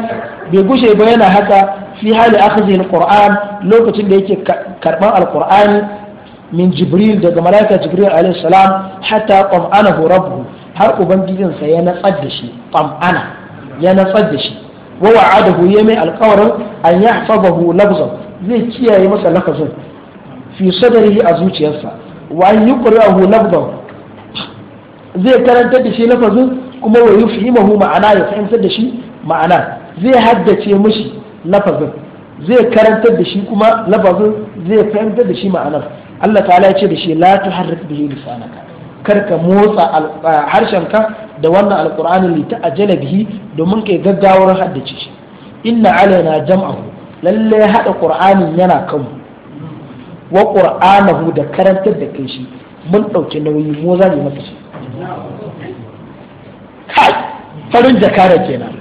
bai gushe ba yana haka fi hali akhdhi alquran lokacin da yake karban alqur'ani min jibril daga malaika jibril alaihi salam hatta qam'anahu rabbuhu har ubangijinsa ya natsar da shi qam'ana ya natsar da shi wa wa'adahu ya mai alƙawarin an yahfazahu lafzan zai kiyaye masa lafazin fi sadrihi a zuciyarsa wa yuqri'ahu lafzahu zai karanta da shi lafazin kuma wa yufhimahu ma'ana ya fahimtar da shi ma'ana zai haddace mishi lafazin zai karantar da shi kuma lafazin zai fahimtar da shi ma'anar Allah ta'ala ya ce da shi la tuharrik bihi lisanaka kar ka motsa harshenka da wannan alqur'ani li ta'jala bihi domin kai gaggawar haddace shi inna alaina jam'ahu lalle hada qur'anin yana kanmu wa qur'anahu da karantar da kai shi mun ɗauki nauyi mu za mu mafi shi kai farin jakara kenan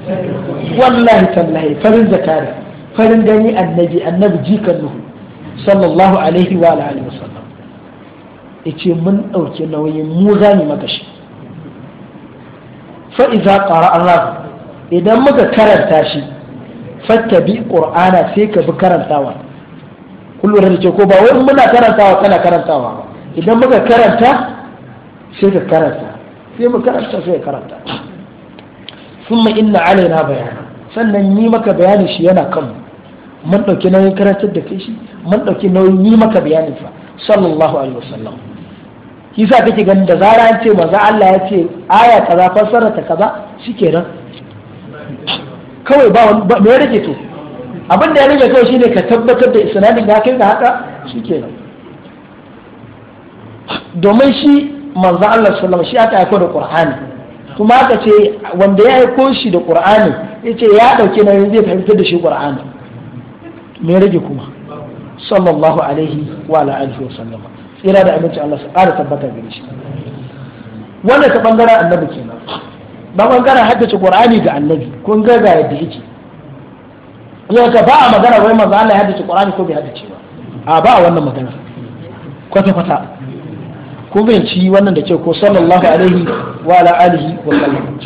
wallahi tallahi farin jakara farin gani annabi annabi jikan nuhu sallallahu alaihi wa alihi I yace mun ɗauki nauyi mu za mu mafi shi fa idza qara'nahu idan muka karanta shi fattabi qur'ana sai ka bi karantawa kullum da ce ko ba wai muna karantawa kana karantawa ba idan muka karanta sai ka karanta sai mu karanta sai ka karanta summa inna alaina bayana sannan ni maka bayani shi yana kanmu mun ɗauki nauyin karantar da kai shi mun ɗauki nauyin ni maka bayanin fa sallallahu alaihi wasallam kisa kake ganin da zara an ce maza Allah ya ce aya kaza fassara ta kaza shikenan kawai ba wani me yake to abin da ya rage kawai shine ka tabbatar da isnadin ya kai ga haka shikenan domin shi manzo Allah sallallahu shi aka aiko da Qur'ani kuma aka ce wanda ya aiko shi da Qur'ani yace ya dauke na zai fahimtar da shi Qur'ani me rage kuma sallallahu alaihi wa ala alihi wa sallam tsira da aminci Allah su ƙara tabbata gare shi wannan ta bangaren annabi kenan ba bangaren haddace Qur'ani ga annabi kun ga ga yadda yake yau ka ba a magana wai manzo Allah ya haddace Qur'ani ko bai haddace ba a ba a wannan magana kwata kwata ko bai ci wannan da ke ko sallallahu alaihi wa ala alihi wa sallam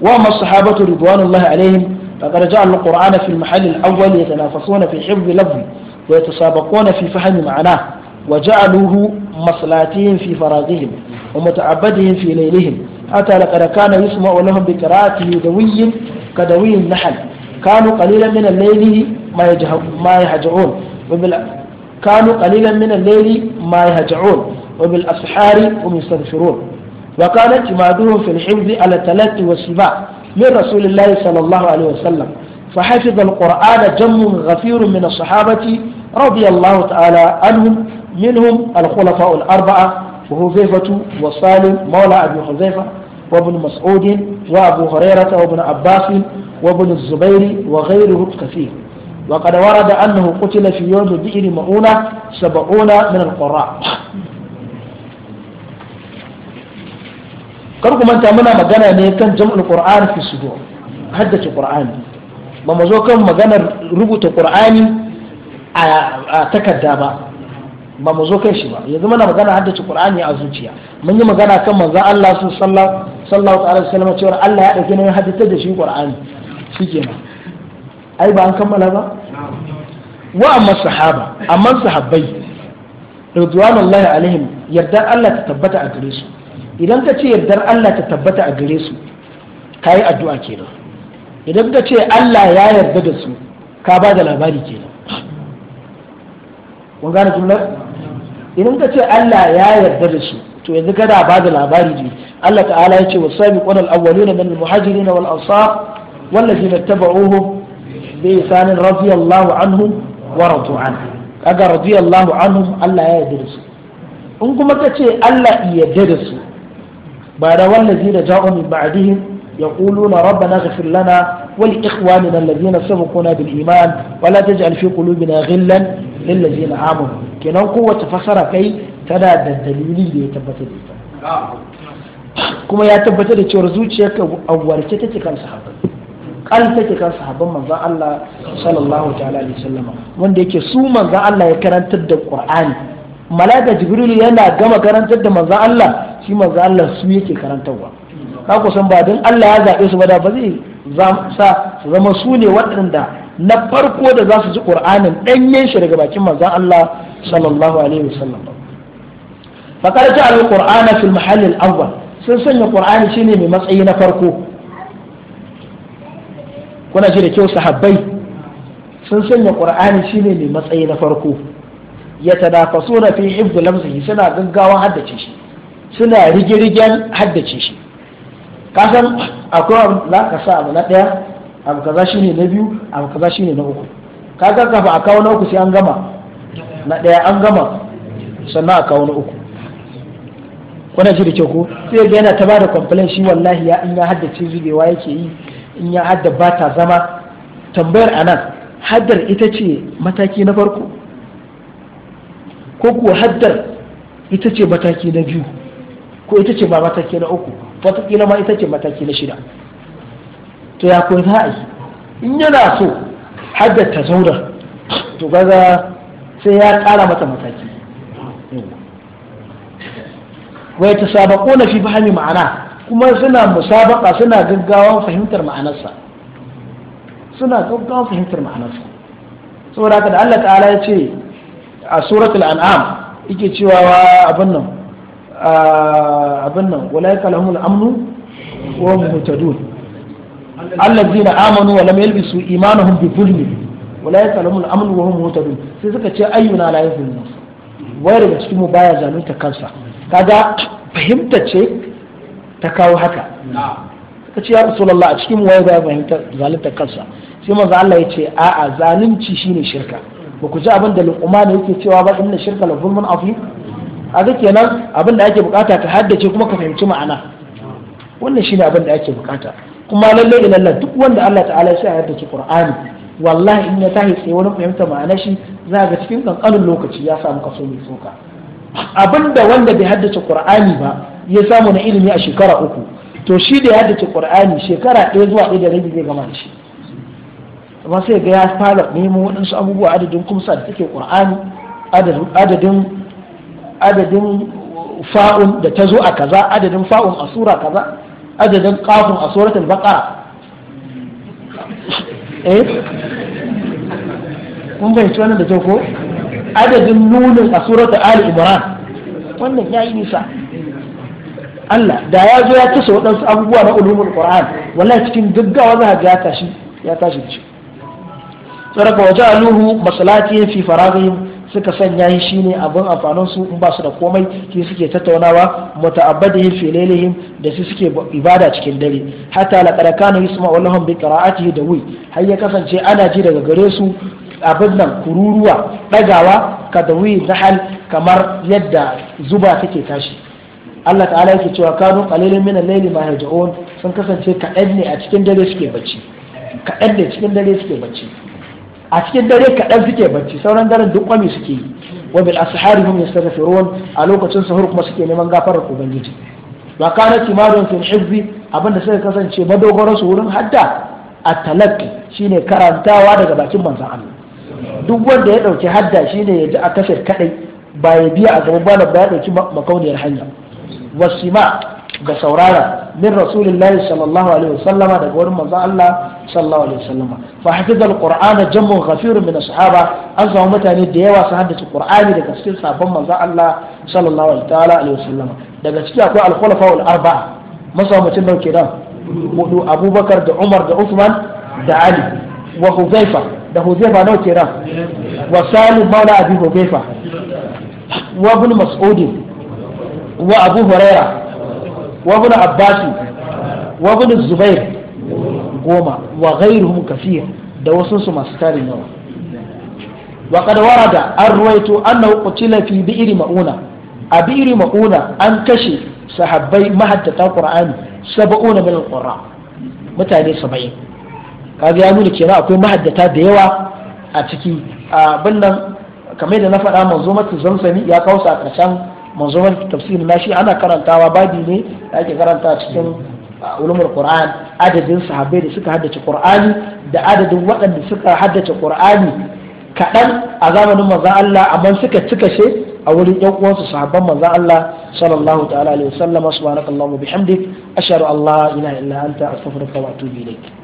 wa amma sahabatu ridwanullahi alaihim faqad ja'al al-Qur'ana fi al-mahall al-awwal yatanafasuna fi hifz lafzi wa yatasabaquna fi fahm ma'ana wa ja'aluhu maslatihim fi faragihim wa muta'abbadihim fi laylihim حتى لقد كان يسمع لهم بقراءته دوي كدوي النحل kanu qalilan min al-layli ma yahja'un wa bil kanu qalilan min al-layli ma yahja'un wa bil ashari hum yastaghfirun wa kana timaduhum fil hifzi ala talati min rasulillahi sallallahu alaihi wasallam فحفظ القرآن جم غفير من الصحابة رضي الله تعالى عنهم منهم الخلفاء الأربعة وهزيفة وصالم مولى أبي حذيفة وابن مسعود وأبو هريرة وابن عباس وابن الزبير وغيره الكثير وقد ورد أنه قتل في يوم بئر مؤونة سبعون من القراء karku manta muna magana ne kan jam'ul qur'an fi sudur haddace qur'ani ba mu zo kan maganar rubuta a takarda ba ba mu zo kai shi ba yanzu muna magana haddace qur'ani a zuciya mun yi magana kan manzon Allah sallallahu alaihi wasallam cewa Allah ya dauke ne haddace da shi qur'ani shikenan ai ba an kammala ba wa amma sahaba amma sahabbai radwanullahi alaihim yardar Allah ta tabbata a gare su idan ka ce yardar Allah ta tabbata a gare su ka yi addu'a kenan idan ka ce Allah ya yarda da su ka ba da labari kenan kun gane jumlar idan ka ce Allah ya yarda da su to yanzu kada ba da labari ne Allah ta'ala ya ce wa sabiqun al-awwaluna min al-muhajirin wal ansar والذين اتبعوه بإحسان رضي الله عنهم ورضوا عنه kaga radiyallahu anhum Allah ya yarda da su in kuma ka ce Allah ya yarda da su ba da wallazi da ja'u min ba'dihim yaquluna rabbana ighfir lana wa li ikhwanina alladhina sabaquna bil iman wa la taj'al fi qulubina ghillan lil ladzina amanu kenan kowace fasara kai tana da dalili da ya tabbata da ita kuma ya tabbata da cewa zuciyarka a warke take kan sahabbai kal take kan sahabban manzon Allah sallallahu ta'ala alaihi wasallam wanda yake su manzon Allah ya karantar da Qur'ani malaika jibril yana gama karantar da manzon Allah shi manzon Allah su yake karantarwa ka san ba dan Allah ya zaɓe su ba da ba zai sa su zama su ne waɗanda na farko da za su ji ƙur'anin ɗanyen shi daga bakin manzon Allah sallallahu alaihi wasallam faqad ja'al al-qur'ana fil mahall al-awwal sun sanya qur'ani shine mai matsayi na farko kuna ji da kyau sahabbai sun sanya qur'ani shine mai matsayi na farko ya na fi ibdu lamzihi suna gaggawa haddace shi suna rigirigen haddace shi kasan akwai abu za ka sa abu na ɗaya abu kaza shine na biyu abu kaza shine na uku kaga kafa a kawo na uku sai an gama na ɗaya an gama sannan a kawo na uku kuna ji da kyau ko sai ga yana ta bada complaint shi wallahi ya in ya haddace zubewa yake yi in ya hadda ba ta zama tambayar a nan haddar ita ce mataki na farko ko kuwa haddar ita ce mataki na biyu ko ita ce ba mataki na uku wataƙila ma ita ce mataki na shida to ya kun za a yi in yana so haddar ta zauna to gaza sai ya ƙara mata mataki wai ta sabako na fi fahimi ma'ana kuma suna musabaka suna gaggawan fahimtar ma'anarsa suna gaggawan fahimtar ma'anarsa saboda haka da Allah ta'ala ya ce a suratul an'am yake cewa wa abin nan abin nan walaika lahumul amnu wa muhtadun allazina amanu wa lam yalbisu imanuhum bi dhulmi walaika lahumul amnu wa hum muhtadun sai suka ce ayyuna la yuzlimu wai daga cikin mu baya zalunta kansa kaga fahimta ce ta kawo haka suka ce ya a cikin waye ba ya fahimta zalunta kansa sai maza Allah ya ce a zalunci shine shirka ba ku ji abin da luqman yake cewa ba inna shirka la zulmun azim ga kenan abin da ake bukata ka haddace kuma ka fahimci ma'ana wannan shine abin da ake bukata kuma lalle ilalla duk wanda Allah ta'ala ya sa haddace qur'ani wallahi in ya tahi sai wani fahimta ma'ana shi za ga cikin kankanin lokaci ya samu kaso mai tsoka abinda wanda bai haddace qur'ani ba ya samu na ilimi a shekara uku to shi da ya dace qur'ani shekara ɗaya zuwa ɗaya da rabi zai gama da shi amma sai ga ya fara neman waɗansu abubuwa adadin kumsa da take qur'ani adadin adadin fa'un da ta zo a kaza adadin fa'un a sura kaza adadin kafin a suratul baqara (laughs) eh kun bai tsana da ko adadin nunin a suratul ali imran wannan yayi nisa Allah da ya zo ya tasa waɗansu abubuwa na ulumul Qur'an wallahi cikin gaggawa za ga ya tashi ya tashi da saraka waje aluhu masalati fi faraghi suka sanya shi shine abin amfanin su in ba su da komai ke suke tattaunawa muta'abbadihim fi lailihim da su suke ibada cikin dare hatta laqad kana yusma'u lahum bi qira'atihi da wi har ya kasance ana ji daga gare su abin nan kururuwa ɗagawa ka da na hal kamar yadda zuba take tashi Allah ta'ala yake cewa kanu qalilan min al-layli ma yaj'un sun kasance kaɗan ne a cikin dare suke bacci kaɗan ne cikin dare suke bacci a cikin dare kaɗan suke bacci sauran daren duk kwami suke yi wa bil ashari hum yastaghfirun a lokacin sahur kuma suke neman gafarar ubangiji wa kana timadun fil hizbi abinda suka kasance madogaro su wurin hadda a talaqqi shine karantawa daga bakin manzon Allah duk wanda ya dauki hadda shine ya ji a kashe kadai ba ya biya a gaban ba ya dauki makauniyar hanya wasima da saurara min rasulillahi sallallahu alaihi wasallama daga wurin manzo Allah sallallahu alaihi wasallama fa hafiza alqur'ana jammun ghafirun min ashaba an samu mutane da yawa su haddace ƙur'ani daga cikin sabon manzo Allah sallallahu alaihi wasallama daga ciki akwai al-khulafa wal arba'a masa mutum dauke dan hudu abubakar da umar da usman da ali wa da huzaifa nauke dan wa maula abi huzaifa wa wa abu huraira wa ibn abbas wa ibn zubair goma wa ghairuhum kathir da wasu su masu tarin yawa wa qad an ruwaito annahu qutila fi bi'ri mauna a bi'ri mauna an kashe sahabbai mahaddata qur'ani sab'una min al mutane saba'in. kaga ya nuna kenan akwai mahaddata da yawa a ciki a nan kamar da na faɗa manzo mata zamsami ya kawo a ƙarshen manzumar tafsirin na shi ana karantawa babi ne da ake karanta cikin ulumar qur'an adadin sahabbai da suka haddace qur'ani da adadin waɗanda suka haddace qur'ani kaɗan a zamanin maza Allah amma suka cika she a wurin yan uwansu sahabban maza Allah sallallahu ta'ala alaihi wasallam subhanakallahumma bihamdik ashhadu an la ilaha illa anta astaghfiruka wa atubu ilaik